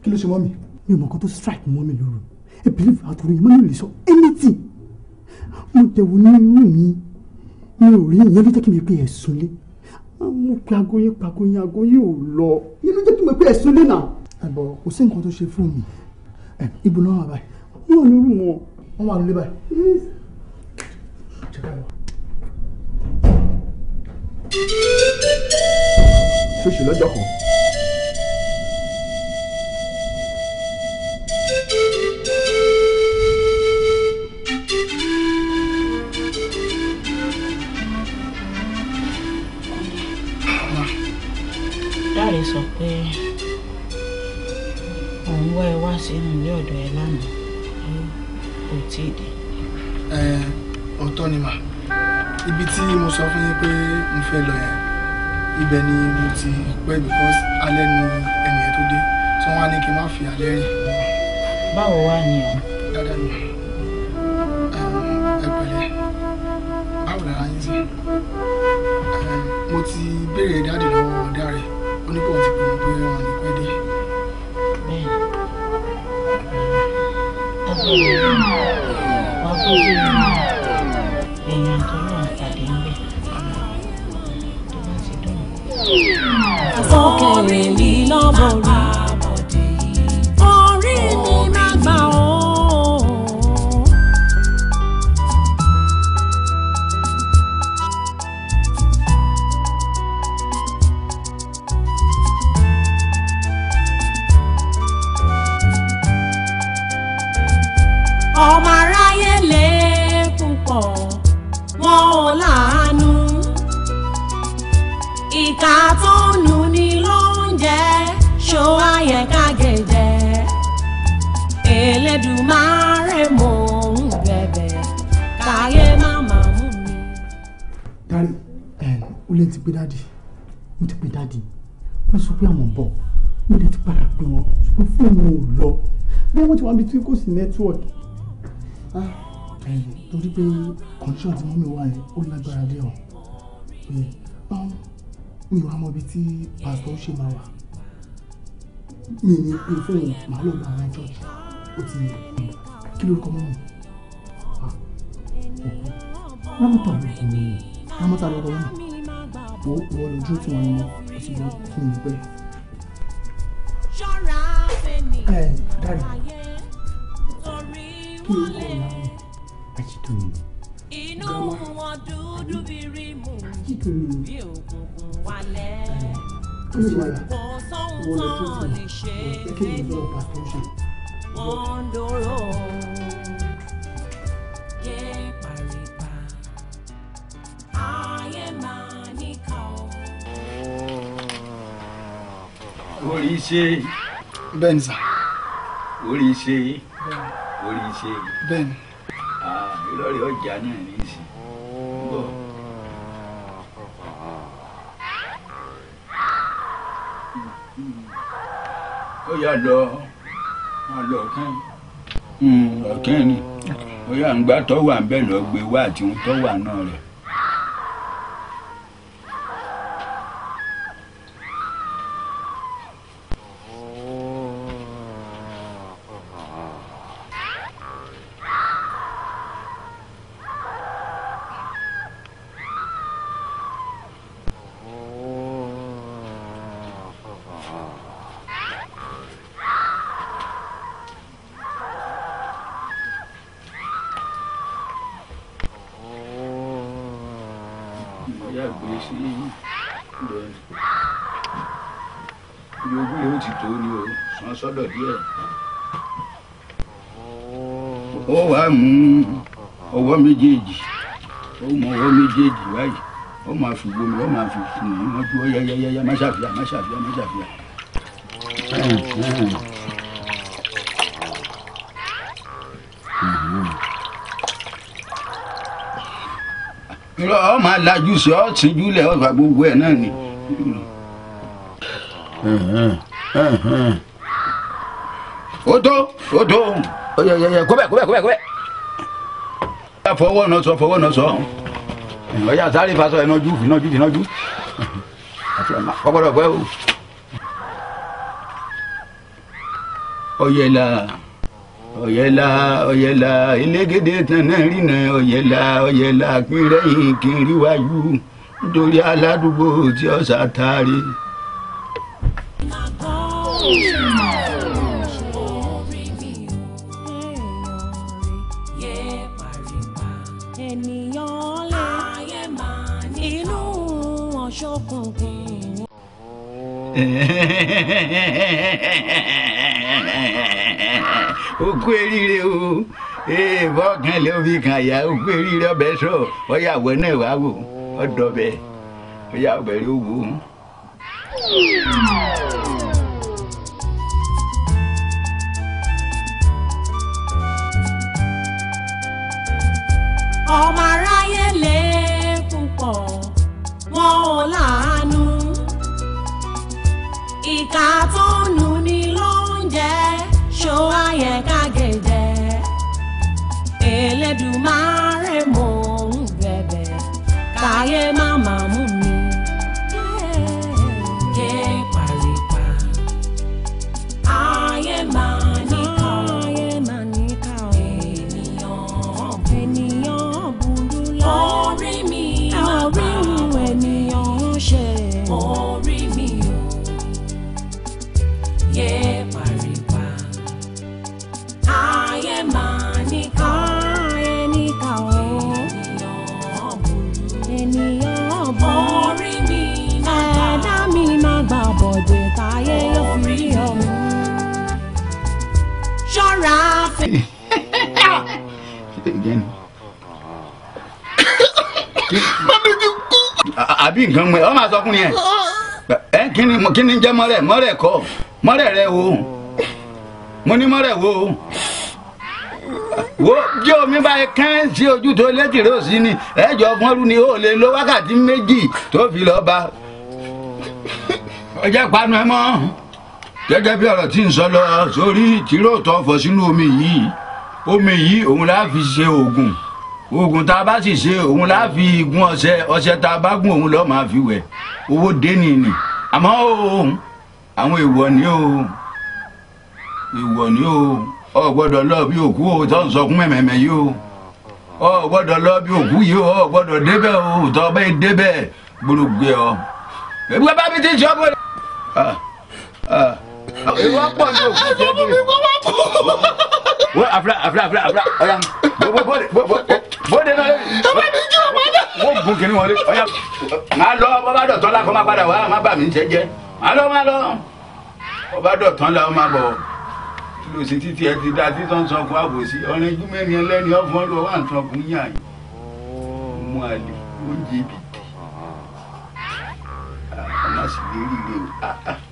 Kí ló ṣe mọ́mì? Mi ò mọ̀ kan tó strike mọ́mì lóru. I believe àtòrò yẹn mọ́mì ò lè sọ anything. Mo tẹ̀wò ní inú mi. Mi ò rí ìyẹn ló jẹ́ kí mi pé ẹ̀sùn lé. Mo pe aago yẹn pa aago yẹn aago yẹn ò lọ. Ìyẹn ló jẹ́ kí mi pé ẹ̀sùn lé náà ẹ̀bọ̀ kò sí nǹkan tó ṣe fún mi ẹ̀ ibo náà wà báyìí. wọ́n wà lórí wọn. wọ́n wà lórí báyìí. ṣoṣù lọ́jọ́ kan. That wá ẹ wá sínú ilé ọ̀dọ̀ ẹ lánàá kò tí ì dé. ẹ ọ̀tọ̀ ni mà ibi tí mo sọ fún yín pé mo fẹ́ lọ yẹn ibẹ̀ ni mo ti pẹ́ because alẹ́ ni ẹnìyẹn tó dé tí wọ́n wá ní kí n má fi alẹ́ rìn. báwo wá ni ọ. dáadáa ni ẹ pẹ̀lẹ́ báwo lára yín sí mo ti béèrè dáàdì lọ́wọ́ ọ̀dá rẹ̀ ó ní kò ti pè mí pé wọn ní pẹ́ dé wọ́n tó lè mú èèyàn àtọ́lọ́ rẹ̀ mi lọ́mọ rí. bọ̀ mo dẹ̀ tún padà pè wọ́n ṣùgbọ́n fóònù ò lọ bí wọ́n ti wá bí tí kò sí nẹ́tíwọ̀kì ah, torí pé condition tí mọ́mí wà yẹn ó lágbára dé ọ̀ mi ò wá mọ ibi tí pásítọ̀ ṣe máa wà mi ní pé fóònù màá lọ lọ àwọn church ó ti kí lórúkọ mọ́ mi ah, rámọ́tà lórúkọ mi rámọ́tà lórúkọ mi wọ́n lọ dúró tí wọ́n ń lọ ó ti bọ́ fún mi ṣọ́ra fẹ́nìyàn ayé torí wọ́n lè inú wọn dúdú bí rímù bí òkùnkùn wálẹ̀ kò sóhun tán lè ṣe méjì wọ́n dòrò yé pàrìpà ayé máa níkà ó orí ṣe. bẹ́ẹ̀ ni sà. orí ọjà náà ní í sìn. ó yà lọ wọn lọ kán hmm. ọkàn ó yà ń gbà tọ́wà ń bẹ̀ lọ gbé wá àti tọ́wà náà rẹ̀. yàgbé sí ibi ogún yóò ti tó ni o san sọ́dọ̀ díẹ̀ ó wá mú ọwọ́ méjèèjì ó mú ọwọ́ méjèèjì báyìí ó máa fi gbomi ó máa fi fún un wọ́n ju ó yáyáyá má ṣàfihàn má ṣàfihàn má ṣàfihàn. irọ́ ọ máa lajú sí ọ síjú lẹ̀ ọ̀gbà gbogbo ẹ̀ náà ni. ó tó ó tó. kóbẹ̀ kóbẹ̀ kóbẹ̀ kóbẹ̀. fọwọ́ náà sọ fọwọ́ náà sọ ọ̀yà sáré fasọ ẹ̀ náà jù náà jù náà jù kọ́kọ́rọ́ pẹ́ o. ọ̀yẹ̀là. Oh, yeah, ọ̀yẹ̀là ọ̀yẹ̀là elégédé tanná rìnà ọ̀yẹ̀là ọ̀yẹ̀là pínrẹ́yìn kí n rí wájú nítorí aládùúgbò tí ọ̀sà taari. ṣókùnkùn. [LAUGHS] òkú eríire o ee eh, bọ́ọ̀kan lé omi kan àyà òkú eríire ọbẹ̀ sọ ọyàwó náà wá wò ọdọbẹ ọyàwó bẹ̀rẹ̀ owó. ọmọ aráyé lè púpọ̀ wọn ò láàánú ìka tó nù ní ló ṣọ́wá yẹ káge jẹ Elédùmarè mò ń gbẹ̀bẹ̀ káyé má màmú. sí. [LAUGHS] mami ti kú. àbí nǹkan mọ ẹ ọ máa sọ fún yẹn ẹ kíni kíni jẹ mọrẹ mọrẹ kọ mọrẹ rẹ wo mo ní mọrẹ wo wo jẹ́ omi báyìí kán sí ojú tó létí rọ́ọ̀sì ni ẹ̀jọ̀ fọ́nrú ni ó lè lo wákàtí méjì tó fi lọ́ọ́ ba ọjà panu ẹ mọ́ gẹ́gẹ́ bí ọ̀rọ̀ tí ń sọ lọ sórí tìró tó fọ̀ sínú omi yìí omi yìí òun la fi ṣe oògùn oògùn tá a bá sì ṣe òun la fi gún ọṣẹ ọṣẹ tá a bá gún òun lọ́ọ́ máa fi wẹ̀ owó dénì ni àmọ́ òun àwọn èèwọ̀ ni o èèwọ̀ ni o ọ gbọ́dọ̀ lọ bí òkú o tó ń sọkún mẹ̀mẹ̀mẹ̀ yìí o ọ gbọ́dọ̀ lọ bí òkú yìí o ọ gbọ́dọ̀ débẹ̀ o tó bẹ́ẹ̀ débẹ̀ gbọ́dọ̀ gbé ọ. èmi bá mi ti sọ bọ́lá ìwà pọ̀ ní òkú jẹ́ bí. wọ́n àfúrà àfúrà àfúrà àfúrà ọ̀yà bóde náà lẹ́yìn. ọba mi jẹ́ ọba náà. wọ́n gun kìnìún wọlé ọ̀yà máa lọ bọ́bá dọ̀tọ́ la kọ́ máa padà wá máa bà mí jẹ́ jẹ́ máa lọ máa lọ bọ́bá dọ̀tọ́ la máa bọ̀ lòsì títí ẹ ti da títàn sọkún àbòsí ọ̀rìn júmẹ́rin ẹlẹ́ni ọ̀fọ́n lọ wà ń tàn kún yàn yìí. mo àlè ó jẹbi àmàsìlérí rè ó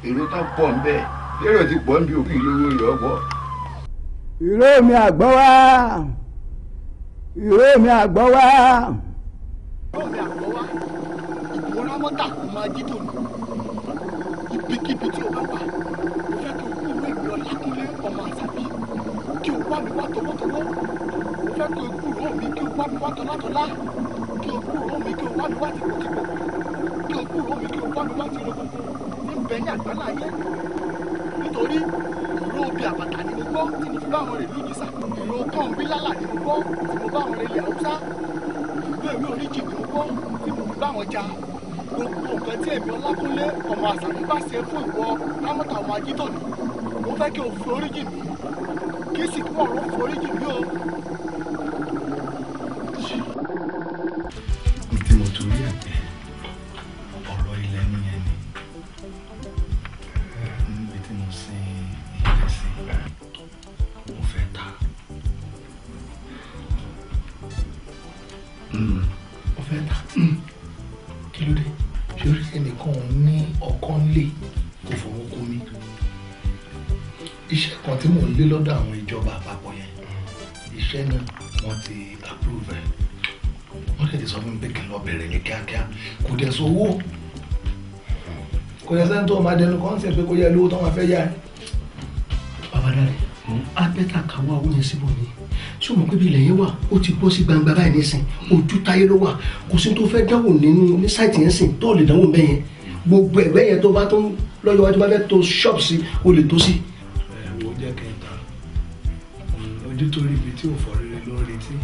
èrò tó pọ̀ ń bẹ́ẹ̀ lérò ti pọ̀ níbi òbí lówó ìyọ́gbọ́. ìró mi àgbọ́ wá ìró mi àgbọ́ wá. ìró mi àgbọ́ wá ìwọ rámọ́tà kò máa jí tòun ibikíbi tí o bá wà mo fẹ́ kí o kú ìwé ìlú ọlákùnlé ọmọ àṣàbí kí o wá mi wá tọwọ́tọwọ́ mo fẹ́ kí o kú ìró mi kí o wá mi wá tọ́látọ́lá kí o kú ìró mi kí o wá mi wá tìkọ̀tìkọ̀ kí o kú ìró mi kí o wá mi wá tìrọ̀kọ̀kọ̀ níbẹ̀ ní àgbálá torí ìró obì àbàtà ni mo gbọ́ tí mo fi bá àwọn rè lójú sá ìró kàn bí lálà ni mo gbọ́ tí mo bá àwọn rè lè haúsá ìlú èmi ò ni mo gbọ́ tí mo fi bá àwọn ja gbogbo nǹkan tí èmi ọlákúnlé ọmọ àṣàmì bá ṣe fún ìwọ lámọ́tà àwọn ajítọ̀nù mo fẹ́ kí o forí jì mí kí sì kí ọ̀run forí jì mí o. ìtìmọ̀tò rí àgbẹ̀. mi iṣẹ́ kan tí mò ń lé lọ́dọ̀ àwọn ìjọba àpapọ̀ yẹn iṣẹ́ náà wọ́n ti approve ẹ̀ wọ́n tẹ̀lé sọ fún mi pé kí n lọ bẹ̀rẹ̀ ní kíákíá kò dẹ̀ sówó kò dẹ̀ sẹ́ni tó máa dẹnu kọ́ ń sìn pé kó yẹ lówó tó máa fẹ́ yá ẹ. bàbá dáre abẹ́ta káwọ́ àwọn yẹn síbò ni ṣé o mọ̀ pé bí ilẹ̀ yẹn wà ó ti bọ́ sí gbangba báyìí nísìn ojú táyé ló wà kò sí tó fẹ́ dánwò nínú ní sáìtì yẹn sìn tó lè dánwò bẹ́yẹn gbogbo ẹ̀gbẹ́ yẹn tó bá tó lọ́jọ́ wájú bá fẹ́ to ṣọ́ọ̀bù sí o lè tó sí. ẹ wo jẹ́ kí n ta ojú tó rí ibi tí ò fọ́ rere ló ń retí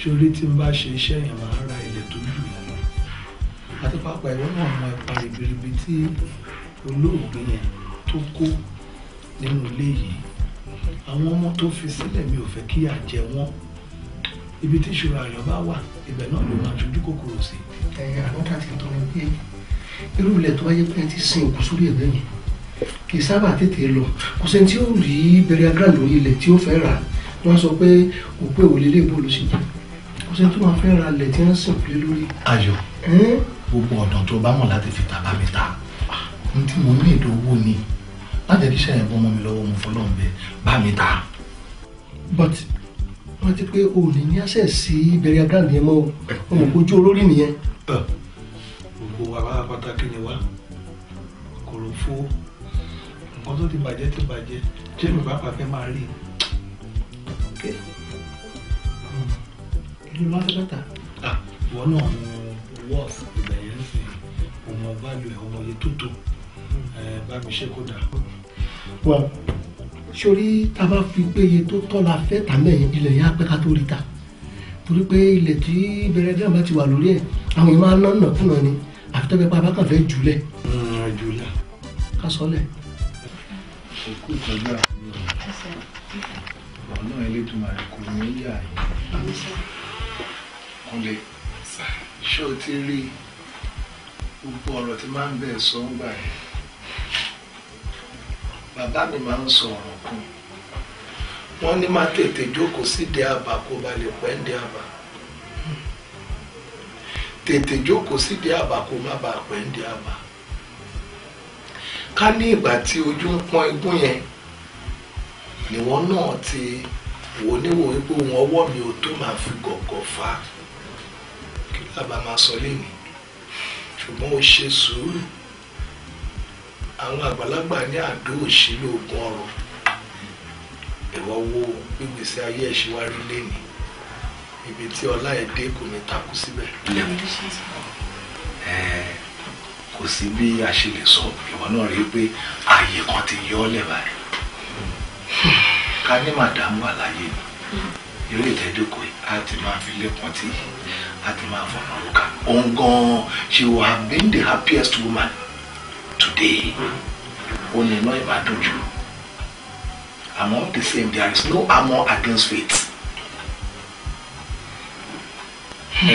sórí tí n bá ṣe iṣẹ́ yẹn máa ń ra ilẹ̀ tó jù yẹn lọ àti pàápàá ìwọ náà mọ ipa ribiribi tí olóògbé yẹn tó kó nínú ilé yìí àwọn ọmọ tó fi sílẹ̀ mi ò fẹ́ kí ìyà jẹ ibi tí ìṣòro àyàn bá wà ibẹ̀ náà ló máa ṣojú kòkòrò sí. ẹ̀yà àwọn kàtí tó ń gbé irú ilẹ̀ tó wáyé pé ẹ ti sin òkú sórí ẹ̀bẹ̀ yẹn kì í sábà tètè lọ kò sẹ́ni tí ó rí bẹ̀rẹ̀ agrand orí ilẹ̀ tí ó fẹ́ rà wọ́n sọ pé kò pé òun lélẹ̀ bó ló ṣe jẹ́ kò sẹ́ni tó máa fẹ́ ra ilẹ̀ tí wọ́n sìn lé lórí. ayọ̀ gbogbo ọ̀dàn tó bá mọ̀ láti fi tàbá mi ta ah. n tí mo ní ìdánwò ni láti ẹ̀rí iṣẹ́ ẹ̀bọ ọmọ mi lọ́wọ́ mo fọlọ́ ń bẹ bá mi ta. but wọ́n ti pé òun ní access sí bẹ̀rẹ̀ agrand yẹn mọ́ eh, ọmọ ògbójú olórí nìyẹn. Eh gbogbo wa pátápátá kí ni wá kòrò fó nǹkan tó ti bàjẹ́ ti bàjẹ́ tí mi bá pàfẹ́ máa rí i. ìlú mákàtà ìwọ náà mo wọ́ọ̀sì ìgbà yẹn ń sìn ọmọ báàlù ẹ̀ ọmọ yẹn tó tó bá mi ṣe kó dà. wọ́n sórí tá a bá fi péye tó tọ́ la fẹ́ tà mẹ́yìn ilẹ̀ yẹn á pẹ́ ká tó rí ta torí pé ilẹ̀ tí bẹ̀rẹ̀ díẹ̀ bá ti wà lórí ẹ̀ àwọn èèyàn máa ń nọ́nà kùnà ni àfi tó bẹ́ẹ̀ pa abákan fẹ́ jùlẹ̀. jùlẹ̀. Mm, ká sọlẹ̀. òkú ìtọ́jú àbúrò ọ̀rọ̀ náà elétò máa rí kò ní yà yín. kúnlẹ̀ ṣé o ti rí gbogbo ọ̀rọ̀ tí máa ń bẹ̀ sọ ń gbà yẹn bàbá mi máa ń sọ ọ̀rọ̀ kan wọ́n ní má tètè jókòó sídìí àbá kó ba lè pẹ́ ń dé àbá tètè jókòó sídìí àbá kó má bàa pẹ́ ń di àbá ká ní ìgbà tí ojú ń pọ́n igun yẹn níwọ̀n náà ti wò níwò wípé òun ọwọ́ mi ò tó máa fi gọ̀gọ̀ fa kí lábà máa sọ lẹ́nu ṣùgbọ́n ó ṣe sùúrù àwọn àgbàlagbà ní àdó òṣèlú ogun ọrọ̀ ẹ̀wọ́ wo gbígbèsè ayé ẹ̀ ṣe wá rí lẹ́nu ibi tí ọlá ẹ̀ kò ní takú síbẹ̀. kò sí bí a ṣe lè sọ ìwọ náà rí pé ààyè kan ti yọ ọ́ lẹ̀ báyìí ká ní màdàmú àlàyé ni eré ìtẹ́dọ́kọ̀ yìí a ti máa fi lẹ́kùn tí a ti máa fọ̀nà lùkà òun she will have the happiest woman today òun ni iná ìbá jù àmọ́ the same there is no armor against faith. kò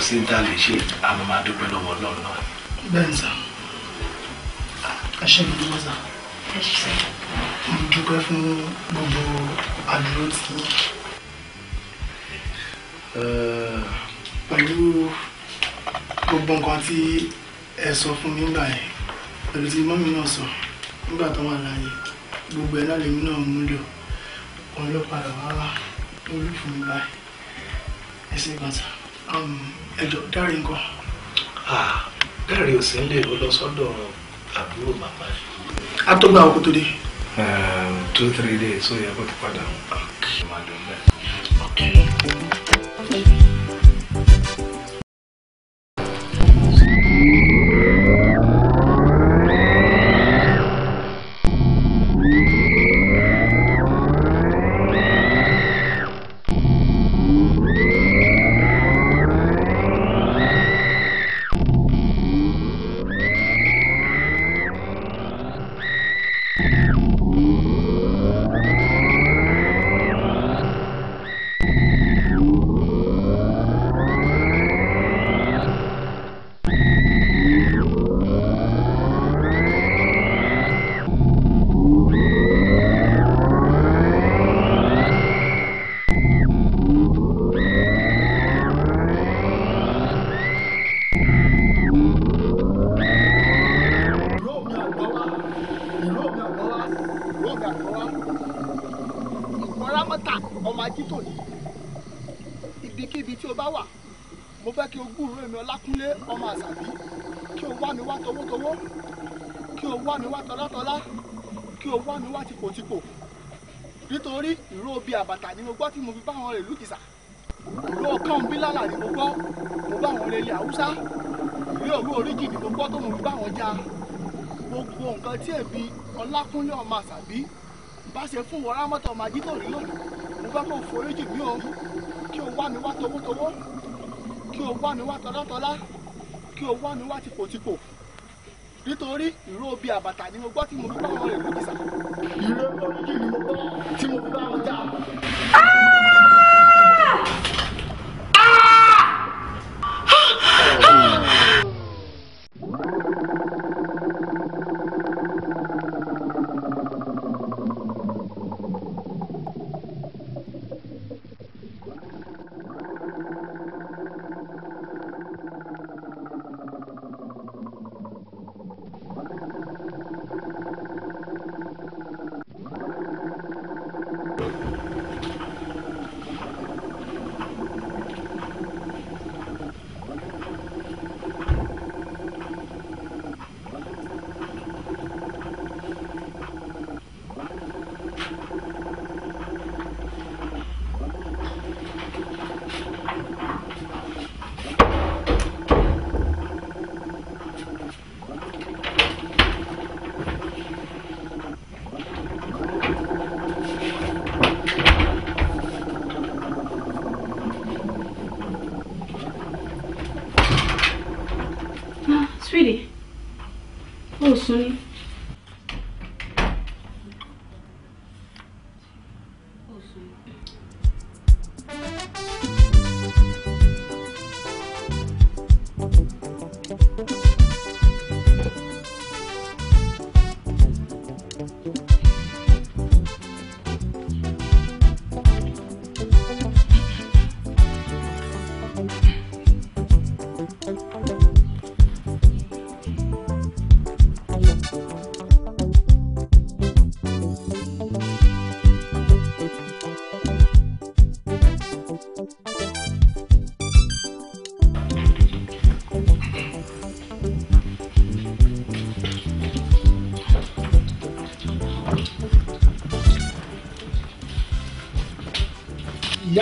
sí ní ta lè ṣe àmọ́ máa dúpẹ́ lọ́wọ́ ọlọ́run náà. bẹ́ẹ̀ sà ẹ ṣe mi dúpẹ́ sà mo dúpẹ́ fún gbogbo àdúró tí yín. pẹ̀lú gbogbo nǹkan tí ẹ sọ fún mi nígbà yẹn pẹ̀lú tí mọ́mí náà sọ nígbà tó wà láàyè gbogbo ẹ̀ náà lèmi náà mú lò òun ló wá wá olúfùmí báyìí. Um, ẹ ṣe gan sa ẹjọ dárí nǹkan. dárí ò sí nílé ìwọ lọ sọ́dọ̀ àbúrò bàbá rẹ. a tó tó dé. Um, two three days ó yẹ kó ti padà. máa dùn bàtà ni mo gbọ́ tí mo fi bá wọn rè lùkìsà ìlú ọkàn bílálà ni mo gbọ́ mo bá wọn rè ilé haúsá ìlú òru oríjì ni mo gbọ́ tó mo fi bá wọn já gbogbo nǹkan tí èmi ọlákúnlé ọmọ àṣàbí bá ṣe fún wọn rámọ́tò ọmọ ajítòrí lónìí mo fẹ́ kó foríjì mí o kí o wá mi wá towótowó kí o wá mi wá tọlátọlá kí o wá mi wá tipòtipò nítorí ìró obi àbàtà ni mo gbọ́ tí mo fi bá wọn rè lójì sá. ìró obi ni mo gbọ́ tí mo fi bá wọn jà.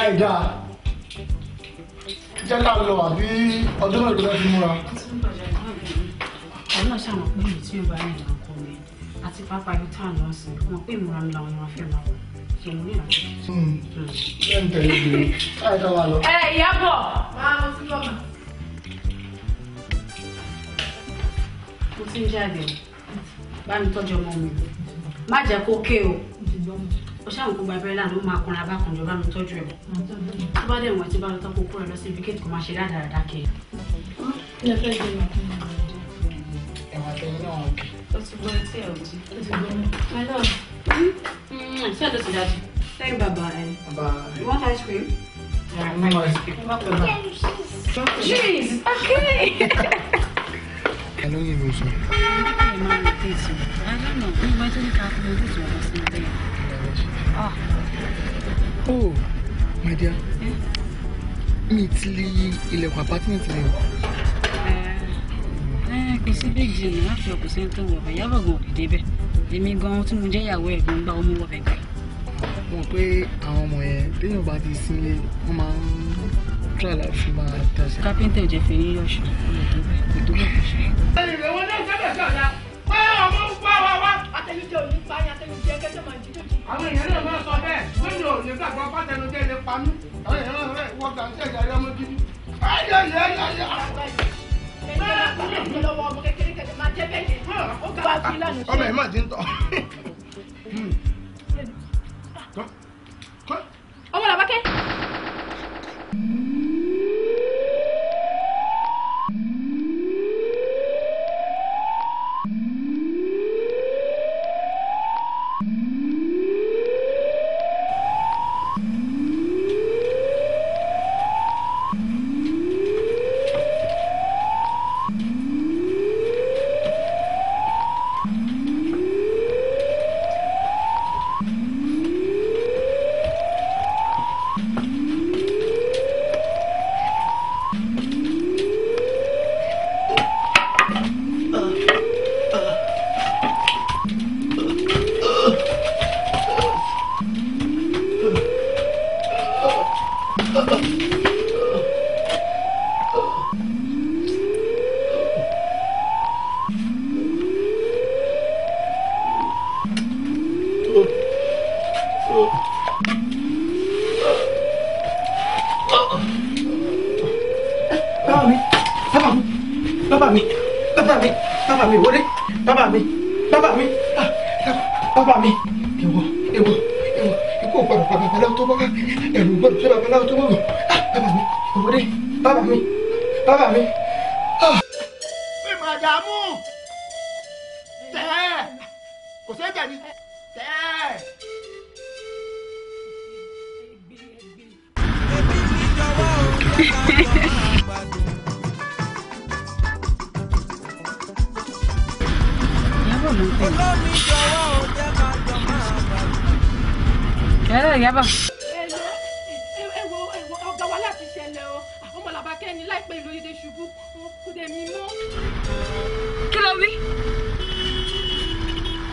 láì dáa jẹ́ ká lọ àbí ọdún náà ló fẹ́ fi múra. ọlọ́run ṣàmọ̀ pé èyí tí ó bá rìn náà kọ́ mi àti pápá ibi tá à ń lọ sí wọn pé ìmúra mi làwọn ọmọ fẹ́ máa wọ̀ ṣèlú ní àná. Hmm. ṣé ń tẹ̀lé ìgbèrè láì dá wa lọ. ẹ ìyábọ̀ máa mo ti lọ mà. mo ti ń jáde bá mi tọ́jú ọmọ mi má jẹ́ kó ké o ó ṣáà kó gba abẹ́rẹ́ lánàá ó máa kanra abákanjọ bá mi tọ́jú ẹ̀ tó bá dẹ̀ wọ́n ti bá lọ tán kó kúrò lọ sí ibi kéèkì kó máa ṣe rádaràdà kiri. ẹ̀wà tẹ̀yìn náà ọ̀kẹ́. ó ti gbọ́ etí ẹ̀ òjì. ó ti gbọ́ my love. ṣé ẹ̀ ló ti dájú. ṣé ẹ bàbá ẹ. bàbá ẹ. you want ice cream. Yeah, no ice cream. Jeez, okay. I know you know something. I don't know. Why don't you calculate this one or something? Ah. Oh, my dear. Mi ti lè ilẹ̀kùn apartment rẹ̀ o. Eh, eh, kò sí bèjì ní láti ọkọ̀ sí tó wọ̀ ọ̀yá bọ̀gàn òkè débẹ̀. Èmi gan-an tí mo jẹ́ ìyàwó ẹ̀gbọ́n gba ọmọ wọ̀ bẹ̀gbẹ̀. Mọ̀ pé àwọn ọmọ yẹn téèyàn bá ti sílé, wọ́n máa ń tọ́ àlàáfíà máa tẹ̀sí. Kápẹ́ńtà ò jẹ́ fi yín yọ̀ṣọ́. Kò tó bẹ̀ kò ṣe. Ìrẹ̀wọ̀n náà sábẹ̀ sọ̀la, pé ọmọ ń wá wa wá. Atẹnujẹ òní pa ayé, atẹnujẹ kẹ́sẹ̀ máa àwọn èèyàn náà máa sọ bẹ́ẹ̀ lónìí ò lè gbàgbọ́ pátẹnujẹ́ lè panú àwọn èèyàn náà rẹ̀ wọ gàǹtẹ̀ ìyá rẹ̀ ọmọ gidi. ayé ayé ayé má ti ń tọ́. ọmọ làbákẹ́. bàbá mi bàbá mi bàbá mi wọlé bàbá mi bàbá mi ah, bàbá mi èwo èwo èwo ikú gbọ́dọ̀ bàbá babaláwo tó bọgá ẹrù gbọ́dọ̀ tó babaláwo tó bọgá ah, bàbá mi wọlé bàbá mi bàbá mi. Ah. màdàmú tẹ́ kò sẹ́jà ni tẹ́. Hehehe [LAUGHS] yàrá ìyábọ̀. ẹwọ ẹwọ ọgá wa láti ṣẹlẹ̀ o àfọmọlàbá kẹni láìpẹ́ ìlú yìí dé ṣubú kò dé mi mọ́. kí ló wí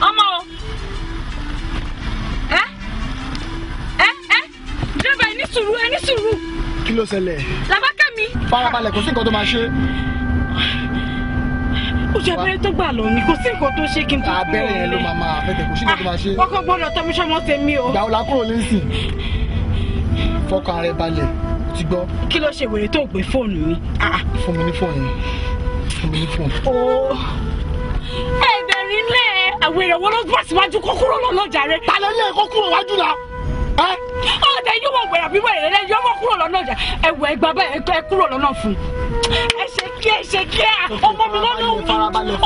ọmọ o ẹ ẹ ẹ dẹ́gbẹ̀ẹ́ ní sùúrù ẹ ní sùúrù. kí ló ṣẹlẹ̀. làbákẹ́ mi. farabalẹ̀ kò sí nǹkan tó máa ṣe ó ṣe abẹ́rẹ́ tó gbà lọ ni kò sí nǹkan tó ṣe kí n tó kúrò nílé abẹ́rẹ́ yẹn ló máa máa fẹ́tẹ̀ kò sí nǹkan tó máa ṣe. Ah, ọkọ gbọ́dọ̀ tọmí sọmọ ṣe mí o. gbàwó la kúrò lẹ́sìn fọkàn rẹ balẹ̀ ti gbọ́. kí ló ṣe wèrè tó gbé fóònù mi. Ah. fún mi ní fóònù yìí fún mi ní fóònù. ẹ̀bẹ̀ rí àwọn èrè wọn ló bọ̀ síwájú kókóró kúrò lọ́nà ọjà ẹ̀wọ̀ ẹgbàá bẹ́ẹ̀ ẹ kúrò lọ́nà fún un ẹ ṣe kí ẹ ṣe kí ẹ ọmọ mi lọ́nà òun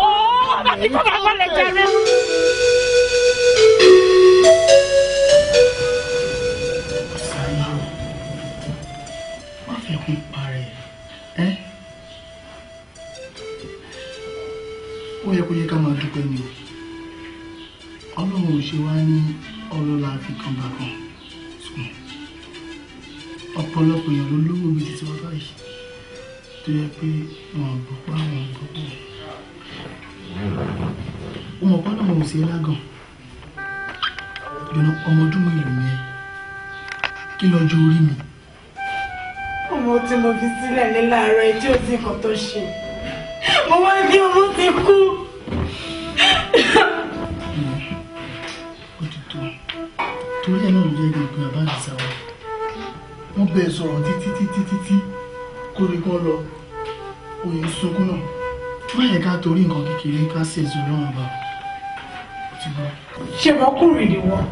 ọ̀ọ́ àti kọ́kọ́ balẹ̀ jẹrẹ. ó yẹ kó yẹ ká máa dúpẹ́ ni o ọlọ́run ò ṣe wá ní ọlọ́lá àfikànbà kan ọ̀pọ̀lọpọ̀ èèyàn ló lówó mi títí wá báyìí tó yẹ pé wọn gbọ́ pa wọn gbọ́ pọ̀ wọn kọ́ náà ò sí lágàn ìdùnnú ọmọ ọdún mélòó ni ẹ kí lọ́jọ́ orí mi. ọmọ tí mo fi sílẹ̀ ní láàárọ̀ ẹjẹ́ ò sí nǹkan tó ṣe mo wá bí ọmọ ti kú. torí ẹ náà ló jẹ́ gbogbo àbájáde sáwọ́ wọ́n bẹ̀ sọ̀rọ̀ títí títí títí kórè kan lọ òye ń sunkún náà má yẹ ká torí nǹkan kékeré ká ṣèṣù lọ́wọ́n bá ṣe mọ́kùnrin ni wọ́n.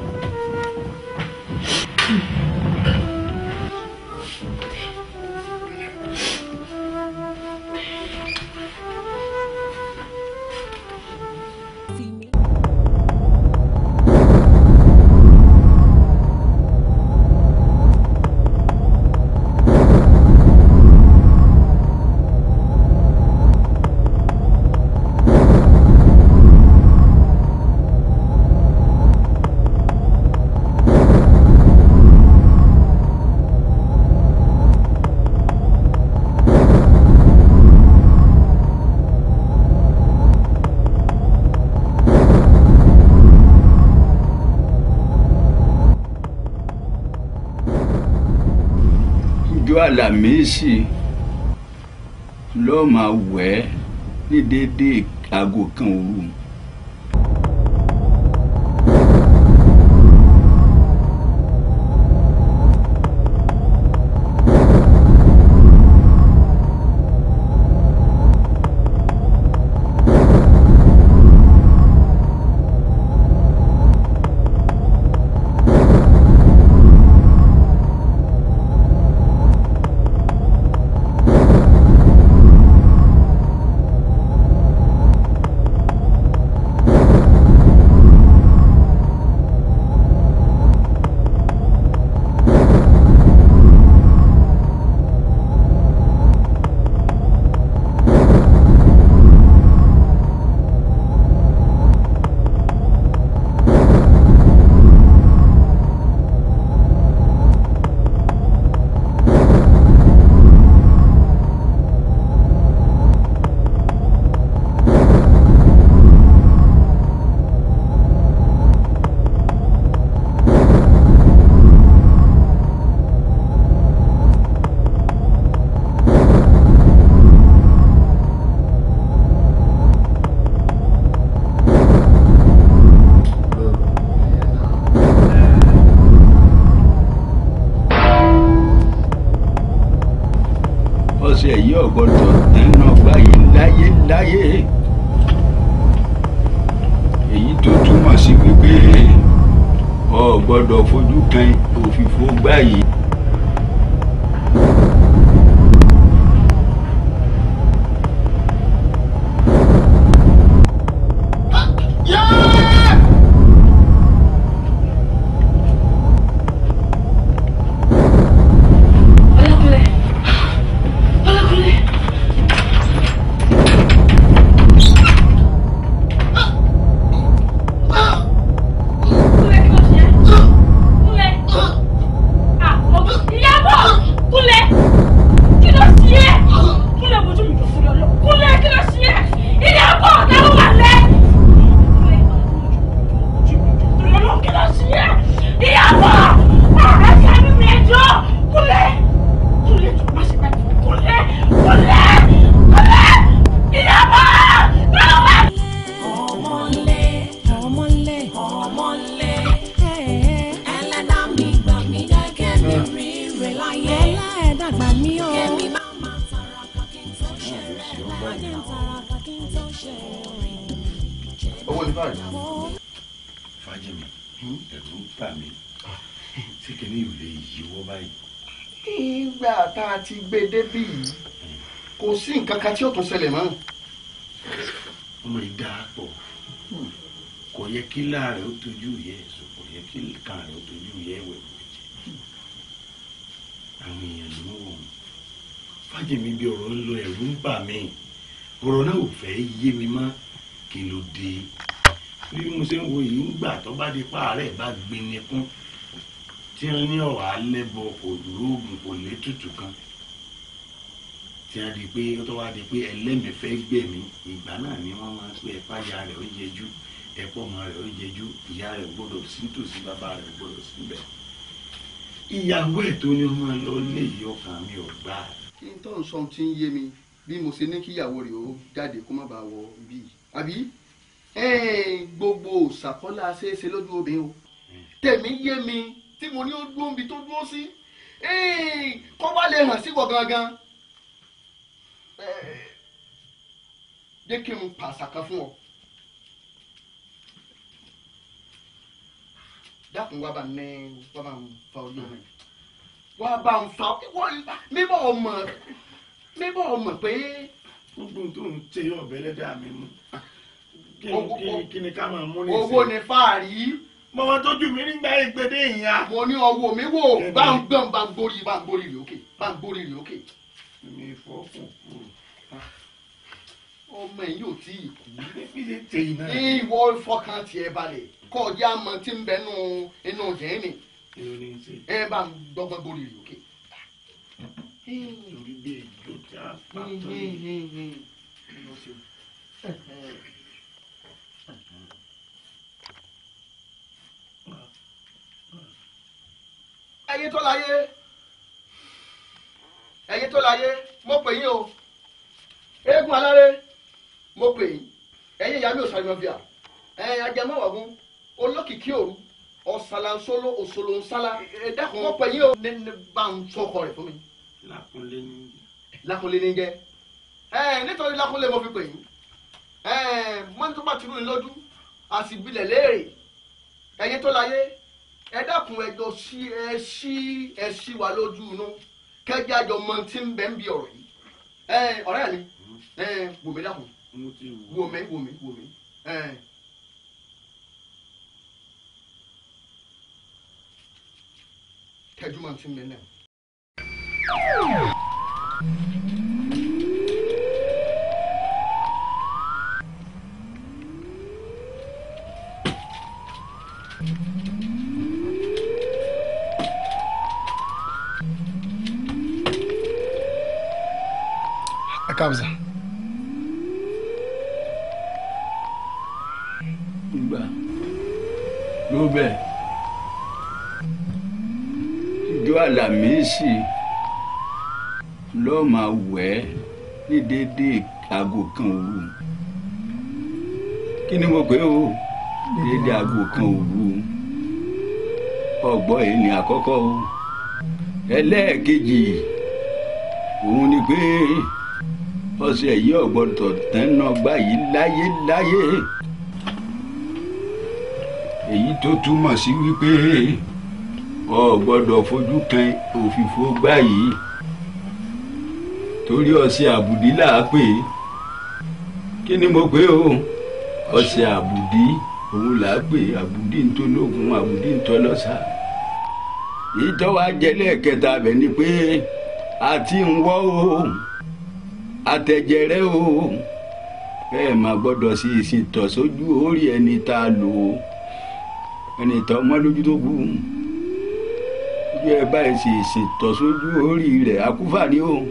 ọ̀dà méjì lọ́ọ́ máa wẹ̀ ẹ́ ní déédéé aago kan òru. nǹkan tí o tún ṣẹlẹ̀ mọ́ ọmọ ìdá pọ̀ hmm. kò yẹ kí láàrẹ̀ ó tójú yẹ èso kò yẹ kí kàrẹ̀ ó tójú yẹ ẹ̀wẹ̀ wẹ̀jẹ̀ hmm. àwọn èèyàn ni wọ́n wọ̀ fájèmí bí ọ̀rọ̀ ń lọ ẹ̀rù ń bà mí ọ̀rọ̀ náà ò fẹ́ yé mi mọ́ kí ló dé bí mo ṣe ń wo yìí ń tó bá di páàrẹ̀ bá gbin tí wọ́n ní ọ̀rọ̀ alẹ́ bọ kò dúró oògùn kò létùtù kan tí a di pé ó tó wá di pé ẹlẹ́mìí fẹ́ gbẹ̀mí ìgbà náà ni wọ́n máa ń pè ẹ̀pá ìyá rẹ̀ ó jẹjú ẹ̀pọ̀ ọmọ rẹ̀ ó jẹjú ìyá rẹ̀ gbọ́dọ̀ sí tòsí bàbá rẹ̀ gbọ́dọ̀ síbẹ̀. ìyàwó ẹ̀ tó ní ọmọ lọ lé yìí ọkàn mi ò gbà. kí n tó ń sọ ti ń yé mi bí mo ṣe ní kíyàwó rẹ̀ ó jáde kó má bàa wọ bíi àbí gbogbo òṣàkọ́lá ṣeéṣe lójú obìnrin o tèmi mi tí mo ní ó dúró níbi tó dúró sí jẹ́ kí n pàṣà kan fún ọ dákun wá bá ní wá bá ń fa ojú mi wá bá ń fa mímọ́ ọmọ mímọ́ ọmọ pé. gbogbo tó ń ṣe ọbẹ̀ lẹ́dàá mi mú kí ni ká máa mú ní ìsìn. owó ni fáàrí mo máa mi nígbà ìgbédè ìyá. mo ní ọwọ́ mi wò bá ń gbọ́n bá ń gbórí bá ń gbórí lókè bá ń gbórí lókè. mi fọ́ fún kúrò ọmọ yìí ò tí ì kú ìwọ fọkàn tiẹ̀ balẹ̀ kọjá mọ tí ń bẹ nù inú jẹ́ẹ̀nì ẹ bá ń gbọ́gbọ́n gbòòrò lókè. torí bí èjò tí a pa tó yìí. ẹyẹ tó láyé ẹyẹ tó láyé mo pè yín o eégún aláré mo pè yín ẹ̀yin ìyá mi ò sàyàn bíà ẹ̀yin ajẹmọ́wọ̀gún olókìkí òru ọ̀sàlànsóló òsòlónsálà ẹ̀dákun mo pè yín o. ní ní bá ń sọkọ rẹ fún mi. lakunle ni lakunle ni jẹ ẹ nítorí lakunle mo fi pè yín ẹ mọ́ni tó bá ti rú ni lójú àsìbilẹ̀ léèrè ẹ̀yin tó láyé ẹ dákun ẹjọ sí ẹ sí ẹ sí wa lójú inú kẹjá jọ mọ tí ń bẹ ń bí ọ̀rọ̀ yìí ọ̀rẹ́ mi bùnmi dákun wò mí wò mí wò mí tẹjú màá ti mẹ́lẹ̀. Jésì lọ́ọ́ máa wẹ̀ ẹ́ ní déédéé aago kan òru kí ni mo pè ó déédéé aago kan òru ọgbọ́n èyí ni àkọ́kọ́ o ẹlẹ́ẹ̀kejì òun ni pé ọ̀sẹ̀ yìí ọ̀gbọ́dọ̀ tẹ́nà báyìí láyé láyé èyí tó túmọ̀ sí wípé ọ gbọ́dọ̀ fojú kan òfìfo gbá yìí torí ọṣẹ àbùdí là á pè é kí ni mo pè ó ọṣẹ àbùdí òun là á pè é àbùdí ntológun àbùdí ntọlọ́sà ìtọ́wá jẹ́lẹ̀ kẹta bẹ̀ ni pé àti ń o àtẹ̀jẹ̀rẹ́ o ẹ má gbọ́dọ̀ sí ìsìn tọ̀ orí ẹni tá a lò ẹni tọ́ mọ́ lójú tó kù bí ẹ bá ẹ sì ṣètò sójú orí rẹ̀ akúfà ní òun.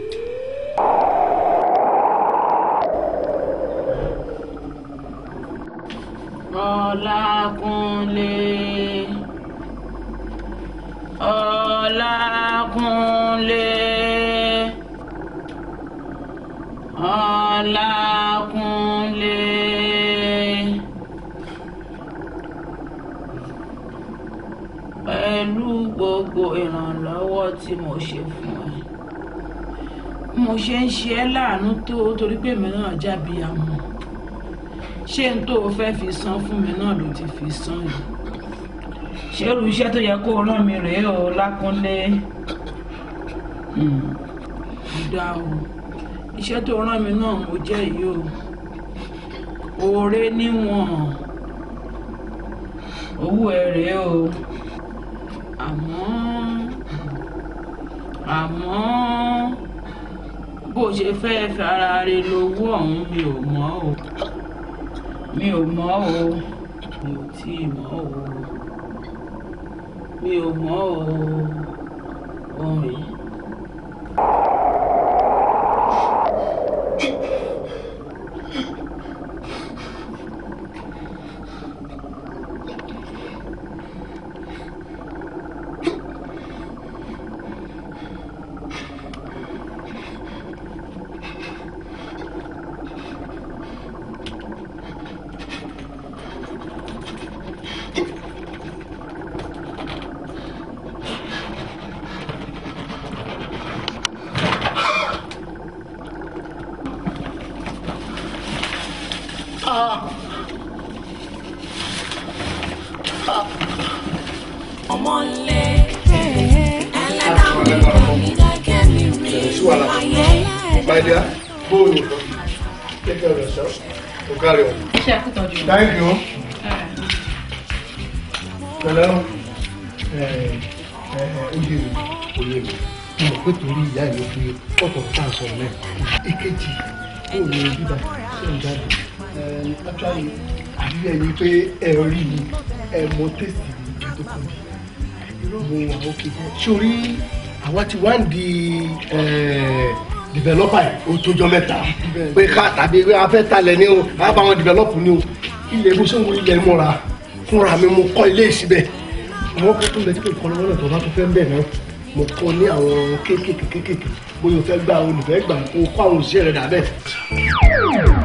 Ọlákúnlé Ọlákúnlé Ọlákúnlé. tí mo ṣe fún ẹ mo ṣe ń ṣe ẹ́ láàánú tó torí pé mi náà jábí àmọ́ ṣé n tó fẹ́ fi san fún mi náà ló ti fi san yìí ṣé irú iṣẹ́ tó yẹ kó o rán mi rèé o lákúnlé hmm, dá o iṣẹ́ tó rán mi náà mo jẹ́ yìí o oore níwọ̀n owó ẹ̀ rèé o. àmọ́ bó ṣe fẹ́ẹ́ fara re lówó ọ̀hún mi ò mọ̀ o mi ò mọ̀ o mi ò tí ì mọ̀ o mi ò mọ̀ o orin. pé ẹ rí mi ẹ mọ tẹ̀sí mi tó kàn mí mo wà ókè sórí àwa ti wá ń di developer yìí ó tójọ́ mẹ́ta pé ká tàbí a fẹ́ talẹ̀ ni o a bá wọn develop ni o ilẹ̀ bó ṣe ń wo ilẹ̀ mọ́ra fúnra mi mo kọ́ ilé ìsibẹ̀ àwọn kan tó ń bẹ tí kò kọ́ lọ́wọ́ náà bá tó fẹ́ ń bẹ̀ náà mo kọ́ ní àwọn kéékèèké kéékèèké bóyá o fẹ́ gbà o lè fẹ́ gbà o kọ́ àwọn òṣìṣẹ́ rẹ̀ dà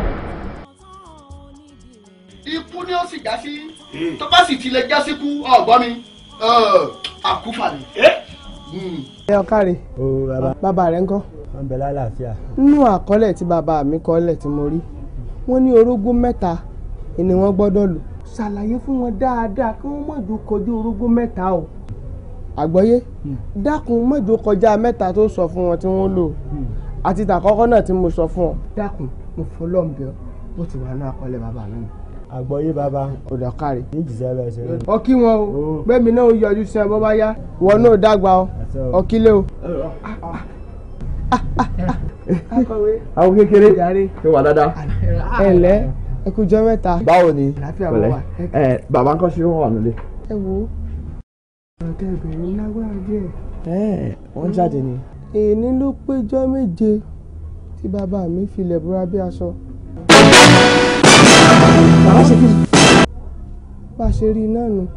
já sí eh. tó bá sì ti lè já síkú ọ̀gbọ́n mi àkúfà ni. ẹ ọ̀kàrẹ̀ eh. hmm. bàbá rẹ̀ ń kọ́. wọ́n bẹ lálàáfíà. nínú àkọọ́lẹ̀ tí bàbá mi kọ́lẹ̀ tí mo rí wọ́n ní orógún mẹ́ta ni wọ́n gbọ́dọ̀ lò ṣàlàyé fún wọn dáadáa kí wọ́n mọ̀ ju kọjú orógún mẹ́ta o àgbọ́yé hmm. dákun mọ́jọ kọjá mẹ́ta tó sọ fún wọn tí wọ́n lò hmm. àti tàkọ́kọ́ náà tí mo sọ fún ọ dákun mo fọlọ́ọ̀bẹ bó ti wà ní akọọ́lẹ̀ bàbá mi àgbọ̀yé bàbá. ọ̀dọ̀ kárí. ní jìṣẹ́ bẹ́ẹ̀ ṣe rẹ̀. ọkí wọn o gbẹ̀mí náà ń yọjú sí ẹ bọ́ bá yá wọn náà dàgbà o ọkí lé o. àwọn kékeré ṣe wà dáadáa. ẹ ǹlẹ́ ẹ kú jọ mẹ́ta. báwo ni pẹ̀lẹ́ bàbá ń kọ́ sí wọn wà nílé. ẹ wo ọ̀tẹ̀ ìbẹ̀rẹ̀ lágbára díẹ̀. ẹ wọ́n jáde ni. èyí ló péjọ méje tí bàbá mi filẹ̀ búra bí aṣọ a bá a ṣe rí iná nu.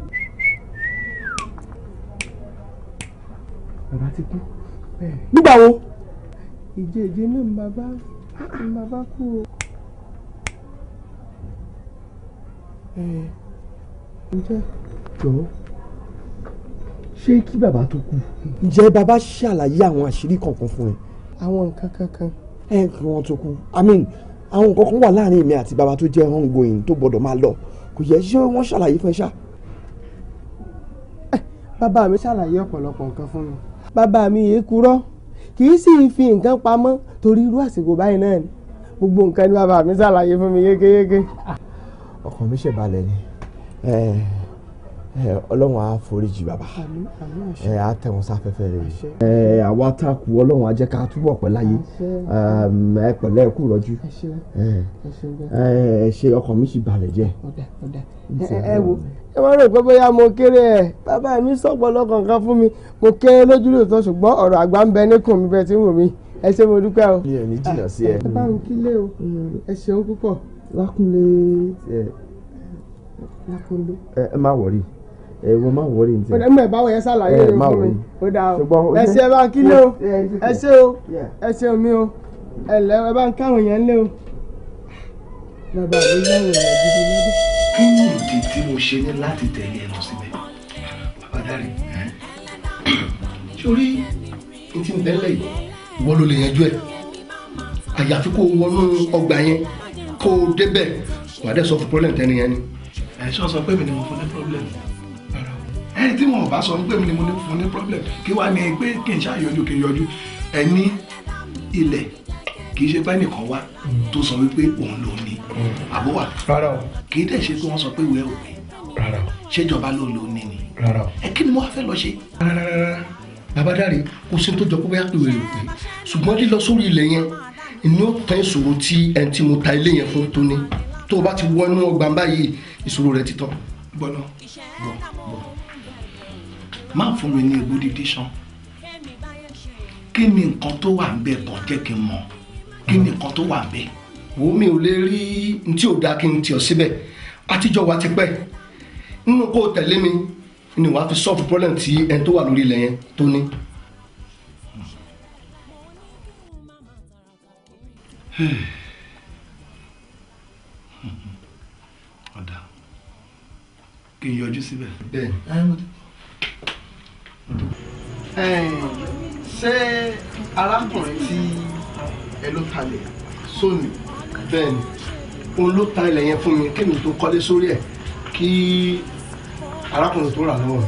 bàbá ti kú. nígbà wo. ìjẹ́jẹ́ náà ń bàbá ń bàbá kú o. ǹjẹ́ jọ̀ọ́ ṣé kí bàbá tó kú. ǹjẹ́ bàbá ṣàlàyé àwọn àṣírí kankan fún ẹ. àwọn nǹkan kankan. ẹ kí wọ́n tó kú i mean àwọn nǹkan kan wà láàrin èmi àti bàbá tó jẹ́ ongoing tó gbọ́dọ̀ máa lọ kò yẹ ṣé wọ́n ṣàlàyé fún ẹ ṣá. Eh, bàbá mi ṣàlàyé ọ̀pọ̀lọpọ̀ nǹkan fún mi. bàbá mi yìí kúrọ́ kì í sì fi nǹkan pamọ́ torí irú àsìkò báyìí náà ni gbogbo nǹkan ni bàbá mi ṣàlàyé fún mi yékéyéké. Ah, ọkàn mi ṣèbalẹ̀ ni eh, ọlọ́run á foríjì bàbá ẹ á tẹ wọn sáfẹ́fẹ́ rẹ ẹ àwa takù ọlọ́run á jẹ́ ká túbọ̀ pẹ́ láyé ẹ pẹ̀lẹ́ ẹ kú rọ́jú ẹ ṣe ọkàn mi sì balẹ̀ jẹ́. ẹ wo ẹ wá rò pé bóyá mo kéré ẹ bàbá mi sọ̀pọ̀lọ́ kankan fún mi mo kéré lójú lóòótọ́ ṣùgbọ́n ọ̀rọ̀ àgbà ń bẹ níkùn mi bẹ́ẹ̀ tí ń wò mí ẹ ṣé mo dúpẹ́ o. mi ò ní jìnnà sí ẹ. ẹ bá mi kílé o ẹ ṣeun púpọ̀ lákúnlé lákúnlé. ẹ má wọrí ẹ wọ́n má wọlé ní tiẹ̀. ọ̀dẹ́ mọ̀ ẹ̀ báwo yẹn ṣàlàyé rẹ̀ fún mi ó dáa o ẹ ṣe ẹ bá ń kí lé o ẹ ṣe o ẹ ṣe omi o ẹ lẹ ẹ bá ń káwọn yẹn lé o. bàbá mi yá wọ̀ ẹ̀ dídí lọ́dún. kí ni ìdí tí mo ṣe ní láti tẹ̀lé ẹ lọ síbẹ̀ bàbá dárí sórí n ti bẹ́lẹ̀ yìí wọ́n ló lè yanjú ẹ̀ àyàfi kó wọnú ọgbà yẹn kó débẹ̀ wàá sọ fún pọ́lẹ̀ yẹn ni. ẹ̀ sọ pé mi ni mo fún ní pọ́blẹ̀mù ẹni tí wọn ò bá sọ wípé mi ni mo ní fún ní problem kí wàá ní pé kí n ṣàyọjú kí n yọjú ẹni ilẹ̀ kì í ṣe pé ẹnìkan wá tó sọ wípé òun ló ní àbúwà kì í dẹ̀ ṣe pé wọ́n sọ pé ìwé òpin ṣèjọba ló ló ní ni ẹ kí ni mo fẹ́ lọ ṣe. babadari kò sí tó jọ pé bóyá ìwé òpin ṣùgbọ́n lílọ sórí ilẹ̀ yẹn ni ó tán ìṣòro tí ẹni tí mo ta ilé yẹn fún tó ní tó o bá ti wọnú ọgbà báyìí ìṣòro rẹ ti tán. gbọ́dọ̀ gbọ́ gbọ́ má fún mi ní egbò dídí sàn kí ni nǹkan tó wà ń bẹ kọ jẹ́ kí n mọ̀ kí ni nǹkan tó wà ń bẹ. wo mi ò lè rí n tí ò dáa kí n tì ọ síbẹ̀ àtijọ́ wa ti pẹ́ nínú kó o mi ni wàá fi solve problem tí ẹni tó wà lórí ilẹ̀ yẹn tó ní. ọ̀dà kí n yọjú síbẹ̀. bẹ́ẹ̀ ni ṣé arákùnrin tí ẹ ló talẹ̀ sóni bẹ́ẹ̀ ni òun ló ta ilẹ̀ yẹn fún mi kí mi tó kọ́lé sórí ẹ̀ kí arákùnrin tó rà lọ́wọ́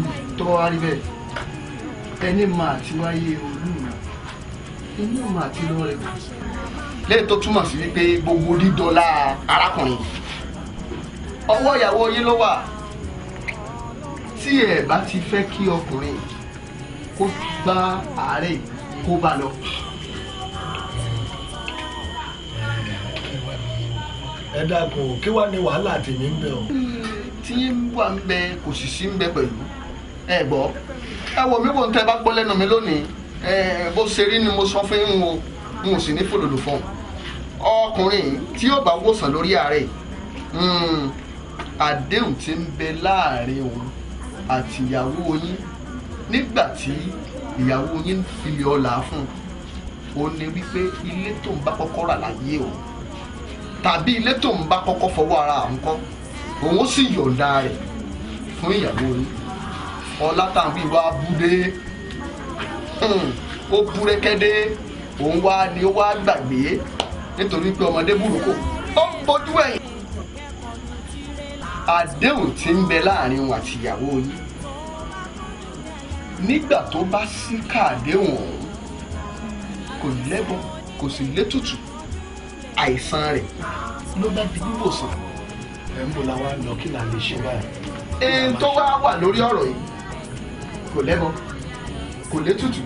mi. tó wá rí bẹ́ẹ̀ ẹni máa ti wáyé olúmọ inú máa ti lọ́ọ́ rẹ̀ lẹ́yìn tó túmọ̀ sí wípé gbogbo dídọ́lá arákùnrin yìí ọwọ́ ìyàwó yín ló wà tí ẹ bá ti fẹ́ kí ọkùnrin kó gba àárẹ̀ kó bá lọ. ẹ dákun kí wàá ní wàhálà tèmi ń bẹ o. Hmm, tí wàá ń bẹ kò sì sí ń bẹ pẹ̀lú ẹ gbọ́ ẹ wò mí wò ń tẹ́ bá gbọ́ lẹ́nu mi lónìí bó ṣe rí ni mo sọ fún yín o n ò sì ní fòlòlò fún un ọkùnrin tí yóò bá wòsàn lórí àárẹ̀ àdéhùn tí ń bẹ láàrin òun àti ìyàwó yín nígbà tí ìyàwó yín fi ọlà fún un ó ní wípé ilé tó ń bá kọ́kọ́ rà láyé o tàbí ilé tó ń bá kọ́kọ́ fọwọ́ ara àwọn kan òun ó sì yọ̀ǹda rẹ̀ fún ìyàwó yín ọlá tàbí wá búdé hmm, ó búrẹ́kẹ́dé òun wá ni ó wá gbàgbé nítorí pé ọmọdé burúkú ó ń bojú ẹ̀yìn àdéhùn tí ń bẹ láàrin òun àti ìyàwó yín nígbà tó bá sí káàdéhùn ọ̀hún kò lẹ́bọ kò sì létùtù àìsàn rẹ̀ ló bá di bíbòsàn. ẹ ń bò láwa lọ kí lè ṣe báyìí. ẹni tó wá wà lórí ọ̀rọ̀ yìí kò lẹ́bọ kò létùtù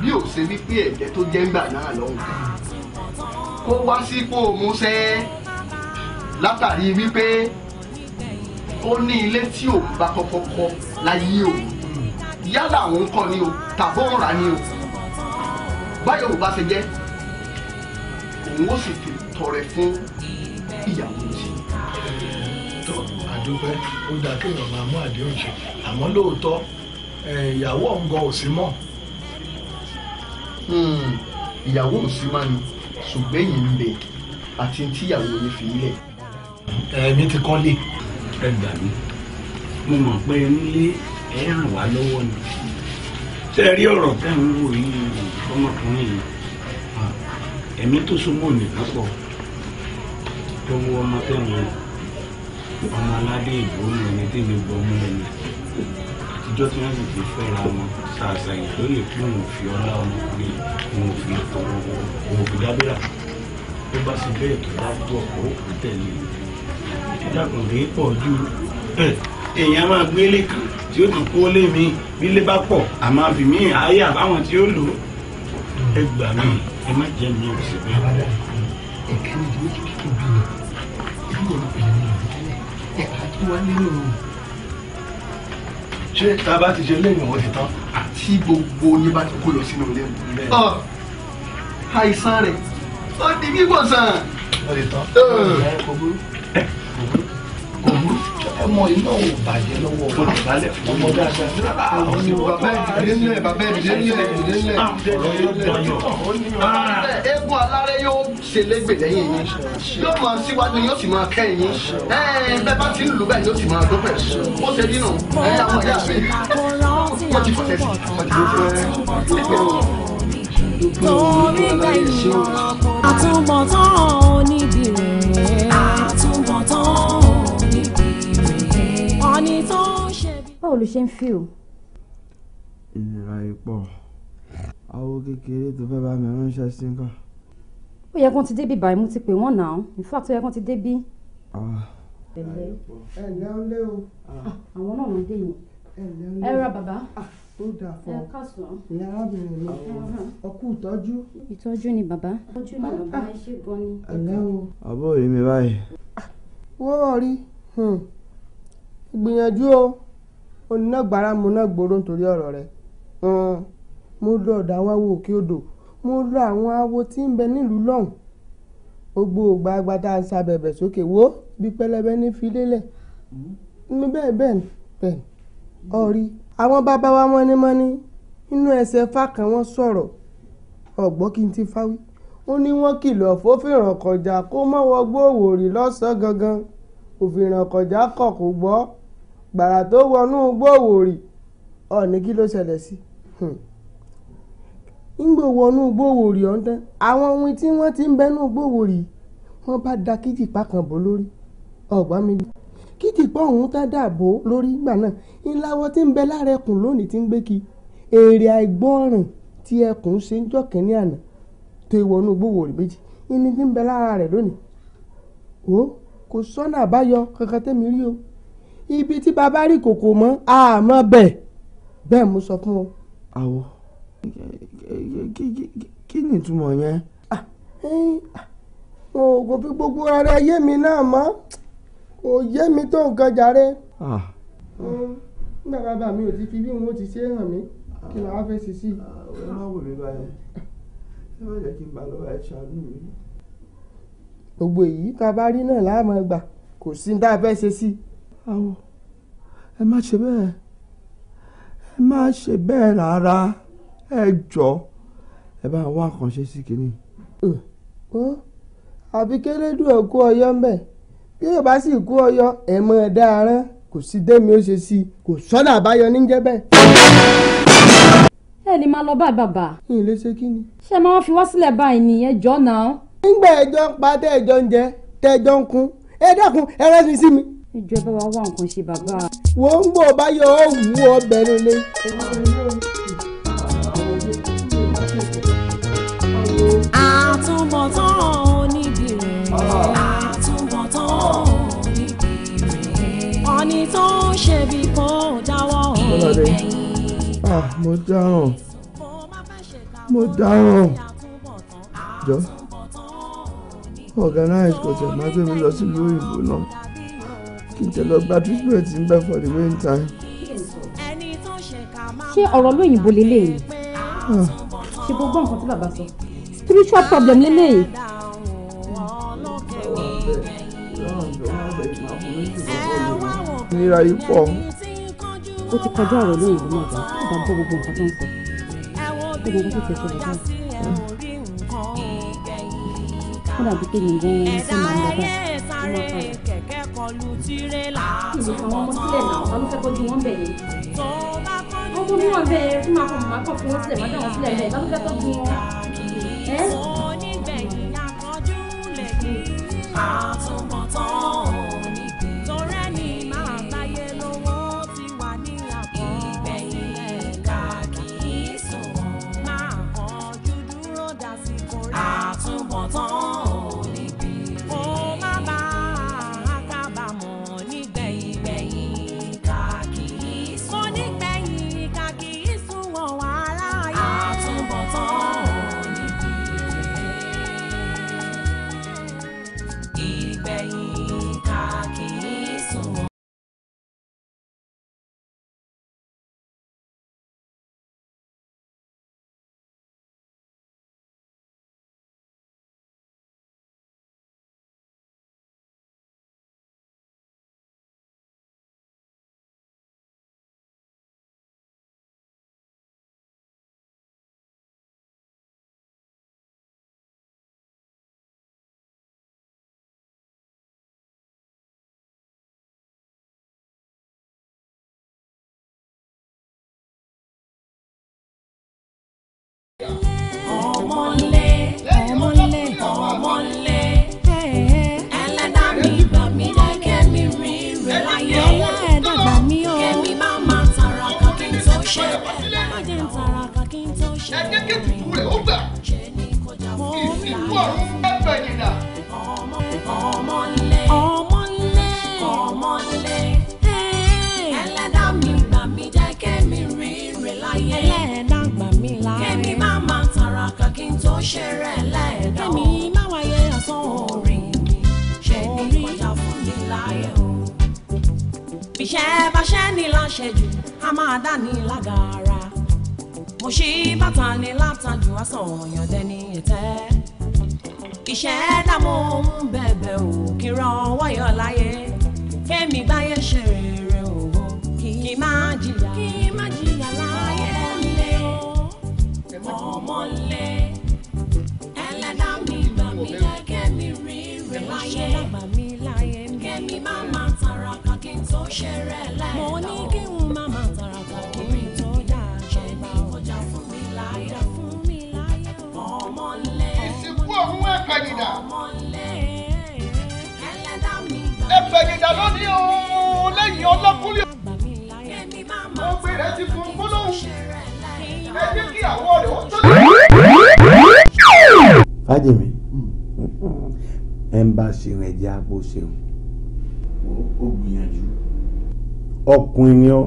bí ò ṣe wípé ẹ̀jẹ̀ tó jẹ́ ńgbà náà lọ́hùn. kó wá sí kó o mú sẹ́ látàrí wípé ó ní ilé tí òun bá kọ́kọ́ kọ́ láyé o yálà òun kọ́ ni o tàbí òun rà ni o báyọ̀ ò bá ṣe jẹ́ òun ó sì fi tọrẹ fún ìyàwó jì. tó àdúpẹ́ ó dáa kéèyàn máa mú àdéhùn ṣe àmọ́ lóòótọ́ ìyàwó ọ̀ǹgọ̀ ò sí mọ́. Hmm, ìyàwó ò sí máa ní ṣùgbẹ́yìn ń bẹ àti tíyàwó mi fi ilẹ̀. ẹ̀mí ti kọ́lé ẹ gbà mí mo mọ̀ pé nílé ẹ ràn wá lọ́wọ́ ni ṣe rí ọ̀rọ̀ tẹ́ ń wò yìí ọmọkùnrin yìí ẹ̀mí tó súnmọ́ nìkan pọ̀ tó wọ ọmọ tẹ́ ń wò ọmọ aládé ìlú ọmọ ẹni tí mi gbọ́ mú ẹni ìjọ tí wọ́n sì fi fẹ́ra wọn ṣàṣà ìlóye kí òun fi ọlá ọmọkùnrin òun fi tọwọ́ òun fi dábìrà tó bá sì bẹ́ẹ̀ tó bá gbọ́ òkú tẹ̀lé ìjàkùnlé pọ̀ ju èèyàn máa gbélé kan tí ó tún kó lé mi bílé bá pọ̀ àmọ́ àfi mí àáyé àbáwọn tí ó lò ó ẹ gbà mí ẹ má jẹ́ mi ò sí bẹ́ẹ̀. ẹ̀ka ni ìdílé kékeré ṣé tá a bá ti ṣe lẹ́yìn ọ̀hún ti tán àti gbogbo yín bá ti kó lọ sínú ilé mi. ọ àìsàn rẹ ó di gbígbọ̀nsán. ọ̀hún ti tán ọmọ iná ò bàjẹ́ lọ́wọ́ olùbalẹ̀ ọmọ dáadáa rárá àwọn ni bàbá ìdílé bàbá ìdílé ìdílé ọ̀rọ̀ yóò dọ̀yọ̀. eégún aláré yóò ṣèlégbè lẹ́yìn yín yóò máa síwájú yóò sì máa kẹ́yìn yín bẹ́ẹ̀ bá ti ń lù bẹ́ẹ̀ yóò sì máa dópẹ̀ ó ṣe nínú ẹ̀yà wọn yà mí wọ́n ti fọ́tẹ̀ sí wọ́n ti fọ́tẹ̀ torí gbẹ̀yìn ọkọ̀ àtúbọ̀tán oníbìrẹ̀ báwo ló ṣe ń feel. ìnira ipò awo kékeré tó fẹ́ bá mi ránṣẹ́ sí nǹkan. ó yẹ kán ti débi báyìí mo ti pè wọ́n náà in fact ó yẹ kán ti débi. Ah. ẹ̀lẹ́ ẹ̀lẹ́ ó lé o. Ah, àwọn náà ló dé yìí. ẹ̀lẹ́ ó lé o. ẹ ra bàbá. Ah, ó dà fọ ẹ káàsán. ìyá arábìnrin mi ọkú ìtọ́jú. ìtọ́jú ni bàbá. ìtọ́jú ni bàbá ẹ ṣe gan ni. ẹ̀lẹ́ o. àbúrò rí mi báyìí. wọ́n rí hmm. gbìyànjú o onínágbára mo náà gbóró nítorí ọ̀rọ̀ rẹ̀ mo lọ ọ̀dọ̀ àwọn awo òkè odò mo lọ àwọn awo tí ń bẹ nílùú lọ́hùn gbogbo ògbà agbada ń bẹ̀bẹ̀ sókè wo bí pẹlẹbẹ ní fi lélẹ̀ bẹ́ẹ̀ bẹ́ẹ̀ bẹ́ẹ̀ ọ̀rí àwọn bàbá wa mọ́nímọ́ní inú ẹsẹ̀ fákan wọn sọ̀rọ̀ ọ̀gbọ́n kí n ti fáwí ó ní wọ́n kìlọ̀ fófìràn kọjá kó mọ́wọ́ gbówó rí lọ́sàn gangan òfìràn kọjá kọ̀ kó gbọ́ gbàrà tó wọnú gbòòwòrì ọ̀ní kí ló ṣẹlẹ̀ sí hmm. ngbò wọnú gbòòwòrì ọ̀ńtán àwọn ohun tí wọ́n ti ń bẹnú gbòòwòrì wọ́n bá da kíjìpá kan bò lórí ọ̀gbọ́n mi bí ọ̀hún tá dàbò lórí ìgbà náà ìlàwọ̀ tí ń bẹ lára ẹkùn lónìí ti ń gbé kí èrè àìgbọ́ràn tí ẹkùn ṣe ń àná tó ti ń bẹ lára rẹ̀ o. ibi tí bàbá rí kòkò mọ́ àmọ́ bẹ́ẹ̀ bẹ́ẹ̀ mo sọ fún ọ. àwọ kí ni ìtumọ̀ yẹn. Ah, eh, ah, kò fi gbogbo ara yé mi náà mọ́ kò yé mi tó nǹkan jàre. Ah. Hmm, nígbà bàbá mi ò ti fi bí wọn ó ti ṣe é hàn mí kí làwọn fẹ́ ṣe sí i. ẹ má wò mí báyìí ẹ má jẹ́ kí n bá lọ́wọ́ ẹ ṣàánú mi. gbogbo èyí tá a bá rí náà láàmú ẹgbà kò sí ní tá a fẹ́ ṣe sí i àwọ̀ ẹ má ṣe bẹ́ẹ̀ ẹ má ṣe bẹ́ẹ̀ rárá ẹ jọ ẹ bá wá àkànṣe sí kínní. àbí kérédù ẹ̀ kú ọyọ́ ń bẹ̀ bí yóò bá sì kú ọyọ́ ẹ̀ mọ̀ ẹ̀ dáarán kò sí démi ó ṣe sí kò sọ́nà àbáyọ níjẹ́ bẹ́ẹ̀. ẹ ní máa lọ bá bàbá. kí n lè ṣe kí ni. ṣé máa fi wá sílẹ̀ báyìí ni ẹjọ́ náà. nígbà ẹjọ́ ń pa tẹ́ ẹjọ́ ń jẹ tẹ́ ẹjọ́ ń kún ẹ dákun ẹ rẹ́sìn sí mi ìjọ bá wa wá nǹkan ṣe bàbá. wọ́n ń bọ̀ báyọ̀ ó wú ọbẹ̀ lólè. àtúbọ̀tán oníbìrì àtúbọ̀tán oníbìrì ọ̀nì tó ń ṣe bí kò dáwọ́ ìgbẹ̀yìn. Ah, mo dáràn mo dáràn jọ organize kò tẹ̀ máa gbé mi lọ sílùú òyìnbó náà kí n tẹ lọ gba treatment ń bẹ for the main time. ṣé ọ̀rọ̀ lóyìnbó lélẹ́yìí ṣe gbogbo nǹkan tí bàbá sọ spiritual problem lélẹ́yìí. nira yìí pọ̀. ó ti kọjá ọ̀rọ̀ lóyìnbó náà bá bá gbọ́ gbogbo nǹkan tó ń sọ gbogbo nǹkan tó ti ṣẹlẹ̀ báyìí kódà bí kéde ń gbé ṣé màá bá ṣé màá kọlu tirẹ̀là tó pọ̀ mọ́. náà wọn ló kó ju wọn bẹ̀ yẹn. ọmọ mi wọn bẹ ẹ fún akọ màmá kọ fún wọn sílẹ̀ wọn sílẹ̀ bẹ́ẹ̀ bá ló fẹ́ kó ju wọn. ṣẹrẹ lẹ́ẹ̀dọ́. kẹ́mi má wáyé ọ̀sán orin mi ṣe ní kọjá fún mi láyé o. bíṣẹ́ bá ṣẹ́ ni láṣẹ jù a máa dá ní lágara. mo ṣí bàtà ni látàjù aṣọ ọ̀yàn dẹni ẹ̀tẹ́ ìṣẹ́ dá mo ń bẹ̀bẹ̀ ò kí ràn wọ́yọ̀ láyé kémi báyé ṣe rere òwò kí má jìyà kí má jìyà láyé lé ọmọ lé ẹlẹ́dá mi gbà mí lẹ́ kémi rí láyé kémi má má tàràkà kí tó ṣe rẹ̀ lẹ́dọ̀. ẹgbẹ̀gidà ẹgbẹ̀gidà lónìí o lẹ́yìn ọlọ́kùnrin o gbé rẹ ti fún gbólóhùn ẹ jẹ́ kí àwọ̀ rẹ̀ ó tó lẹ́yìn. fájèmí ẹ ń bá ṣeun ẹ̀jẹ̀ àpò ṣeun. ó gbìyànjú. ọkùnrin ni ọ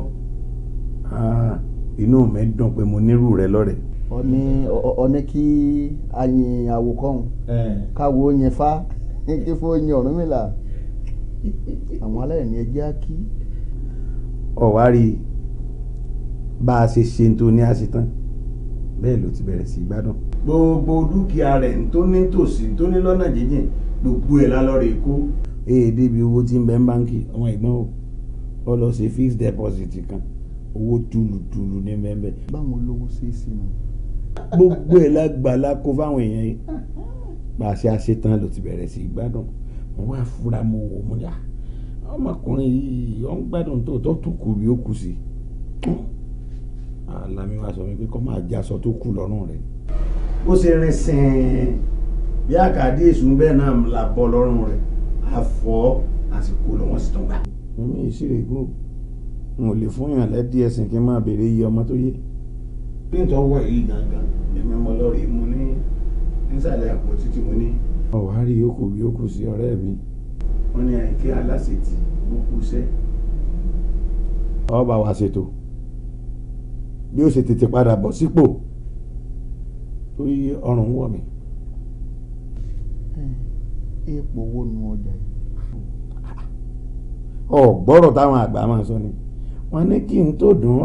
ah, inú mi dùn pé mo nírú rẹ lọ́rẹ̀ẹ́ ọ̀ní ọ̀ní kí ayin àwòkọ́hún káwo yẹn fa kí fó yin la àwọn aláìní ẹjẹ́ á kí. ọ̀wá rí i bá a ṣe ṣe tó ní àṣetán bẹ́ẹ̀ ló ti bẹ̀rẹ̀ sí í gbádùn. gbogbo dúkìá rẹ̀ tó ní tòsí tó ní lọ́nà jíjìn gbogbo ẹ̀ lálọ́rẹ̀ kó. ee débi owó tí ń bẹ ń báńkì ọmọ ìgbọ́n o ọ lọ ṣe fixed deposit kan owó túlùtùlù ní bẹ́ẹ̀ bẹ́ẹ̀. báwọn ṣe é sí mi gbogbo ẹ̀ lágbàlá kó fáwọn èèyàn yìí pàṣẹ àṣetán ló ti bẹ̀rẹ̀ sí gbádùn mo wá fura mo wò mo yá ah, ọmọkùnrin yìí ó ń gbádùn tó tó tún kù bí ó kù sí àlàmì wa sọ wípé kó máa jaṣọ tó kù lọ́rùn rẹ̀. ó ṣe rin sìn bí àkàdé èṣù bẹ́ẹ̀ náà la bọ́ lọ́rùn rẹ̀ àfọ́ àsìkò lọ́wọ́ sì tán gbà. èmi ìṣirò ìgbò n ò lè fún yàn lẹ́dí ẹ̀sìn kí n máa béèrè iye ọmọ tó yé. ní ìtọ́wọ́ yìí gangan èmi mo lọ ní àpò títí mo ní. ọ̀wá yòókù yòókù sí ọ̀rẹ́ mi. wọ́n ní aláṣetì ló kú ọba wa ṣètò bí ó ṣe tètè padà bọ̀ sípò yí ọrùn wọ̀ wo nu ọjà yìí. ọ̀gbọ́rọ̀ táwọn ni wọ́n ní kí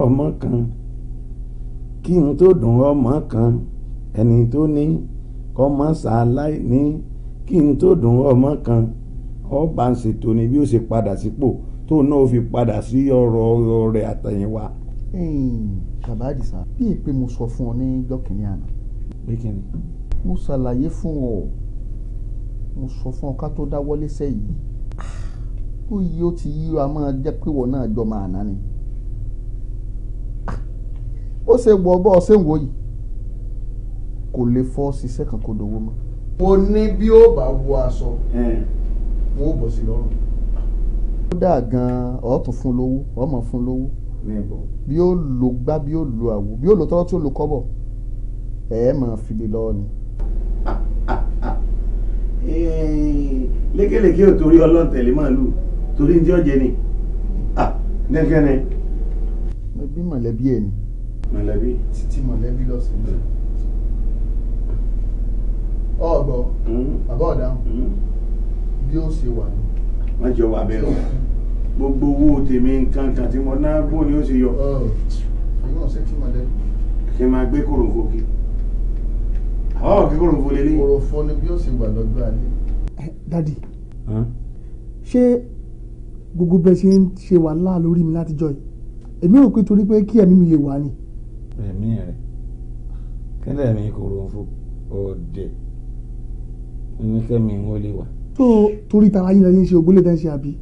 ọmọ kan. kí n tó dùn ọmọ kan ẹni tó ní kọ́mọ ṣàláì ní kí n tó dùn ọmọ kan ọba ń ṣètò ni bí ó ṣe padà sípò tó náà fi padà sí ọ̀rọ̀ ọ̀rọ̀ rẹ̀ àtẹ̀yìnwá. bàbá àdìsá bí ìpè mo sọ fún ọ ní jọkìnrin àná. pé kí ni. mo ṣàlàyé fún ọ mo sọ fún ọ ká tó dáwọ́lé sẹ́yìn ó yí ó ti yí ọ a máa jẹ́ pé wọ́n náà jọ máa ná ni ó ṣe wọ bọ́ ọ ṣe ń wò yìí kò lè fọ́ ṣiṣẹ́ kan kó dowó mọ́. mo ní bí ó bá wọ aṣọ wọn ò bọ̀ sí lọ́rùn. ó dáa gan-an ọ̀ tún fún lówó ọ̀ mọ̀ fún lówó bí ó lo gbá bí ó lo àwo bí ó lo tọ́lọ́ tí ó lo kọ́bọ̀ ẹ̀ máa fi lè lọ́ọ́ ni. Ah, ah, ah. lékeleke ò torí ọlọ́ọ̀tẹ̀ lè máa lù torí ní ọ̀jẹ̀ ni nẹ́gẹ́ni. bí mọ̀lẹ́bí ẹ̀ ni mọ̀lẹ́bí. títí mọ̀lẹ́bí lọ sí mi. ọ̀gbọ́ hmm. bàbá ọ̀daràn hmm. bí ó ṣe wà ní. wọ́n jọ wà bẹ́ẹ̀ o gbogbo owó tèmi nǹkan kan tí mo ná bó ni ó ṣe yọ. ìwọ̀n ṣe tí mọ̀lẹ́bí. kí n máa gbé kòròfò kí. ọ̀ kí kòròfò lélẹ̀. kòròfò ni bí ó ṣe wà lọ́jọ́ alẹ́. Eh, dadi ṣé gbogbo bẹ́ẹ̀ ṣe ń ṣe wàhálà lórí mi látijọ́ yìí èmi rò pé torí pé kí ẹ̀mí mi lè wà ni ẹ̀mí rẹ̀ kẹ́lẹ́ mi kòròǹfò ọ̀dẹ̀ oníkẹ́mi wọn lè wà. tó o torí tara yín lẹ́yìn ṣe ògbólé tẹ́ ń ṣe àbí.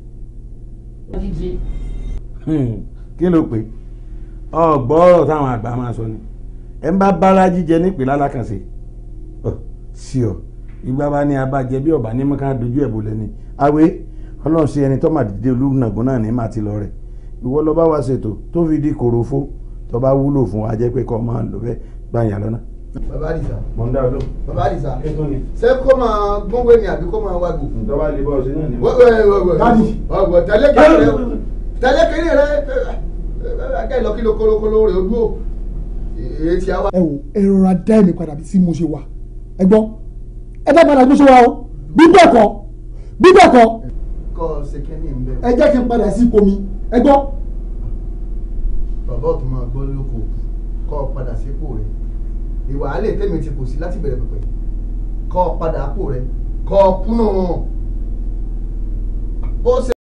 Hmm, kí ló pé ọgbọ́rọ̀ táwọn àgbà máa sọ ni ẹ ń bá bára jíjẹ nípìn lálákànṣe sí ọ ìgbà bá ní abájẹ bí ọba ní mọ́ká dojú ẹ̀ bolẹ̀ ni àwẹ̀ ọlọ́run ṣe ẹni tó máa dìde olúnàgún náà ní màá ti lọ rẹ̀ ìwọ lọ bá wa ṣètò tó fi di kòròfo tó bá wúlò fún wa jẹ́ pé kọ́ máa lò bẹ́ẹ̀ gbà yàn lọ́nà. bàbá àdìsá mọ̀ndà ọlọ́. bàbá àdìsá ṣé kó máa gbóngbé ni àbí kó máa wá gùn. tó bá lè bọ́ ọ̀sẹ̀ náà ni. dadi ọ̀gbọ̀ tẹ̀lékèrè rẹ tẹ̀lékèrè rẹ akẹ́ ìlọkìlọ kólókóló rẹ ojú ò èyí ti àwa. ẹ wo ẹ rọra dá èmi padà bí sí mo ṣe wà ẹ gbọ́ ẹ dá padà bí mo ṣe wà o bí bẹ́ẹ̀ kọ́ bí bẹ́ẹ̀ kọ́. kọ́ ṣe kẹ́ni ń bẹ́ẹ̀. ẹ jẹ́ kí n padà sí komi ẹ gbọ́ bàbá ọ̀tún máa gbọ́ lóko kọ́ ọ padà sípò rẹ̀ ìwà alẹ́ tẹ́mi ti kò sí láti bẹ̀rẹ̀ pẹ̀pẹ̀ kọ́ ọ padà àpò rẹ̀ kọ́ ọ kúnà wọn.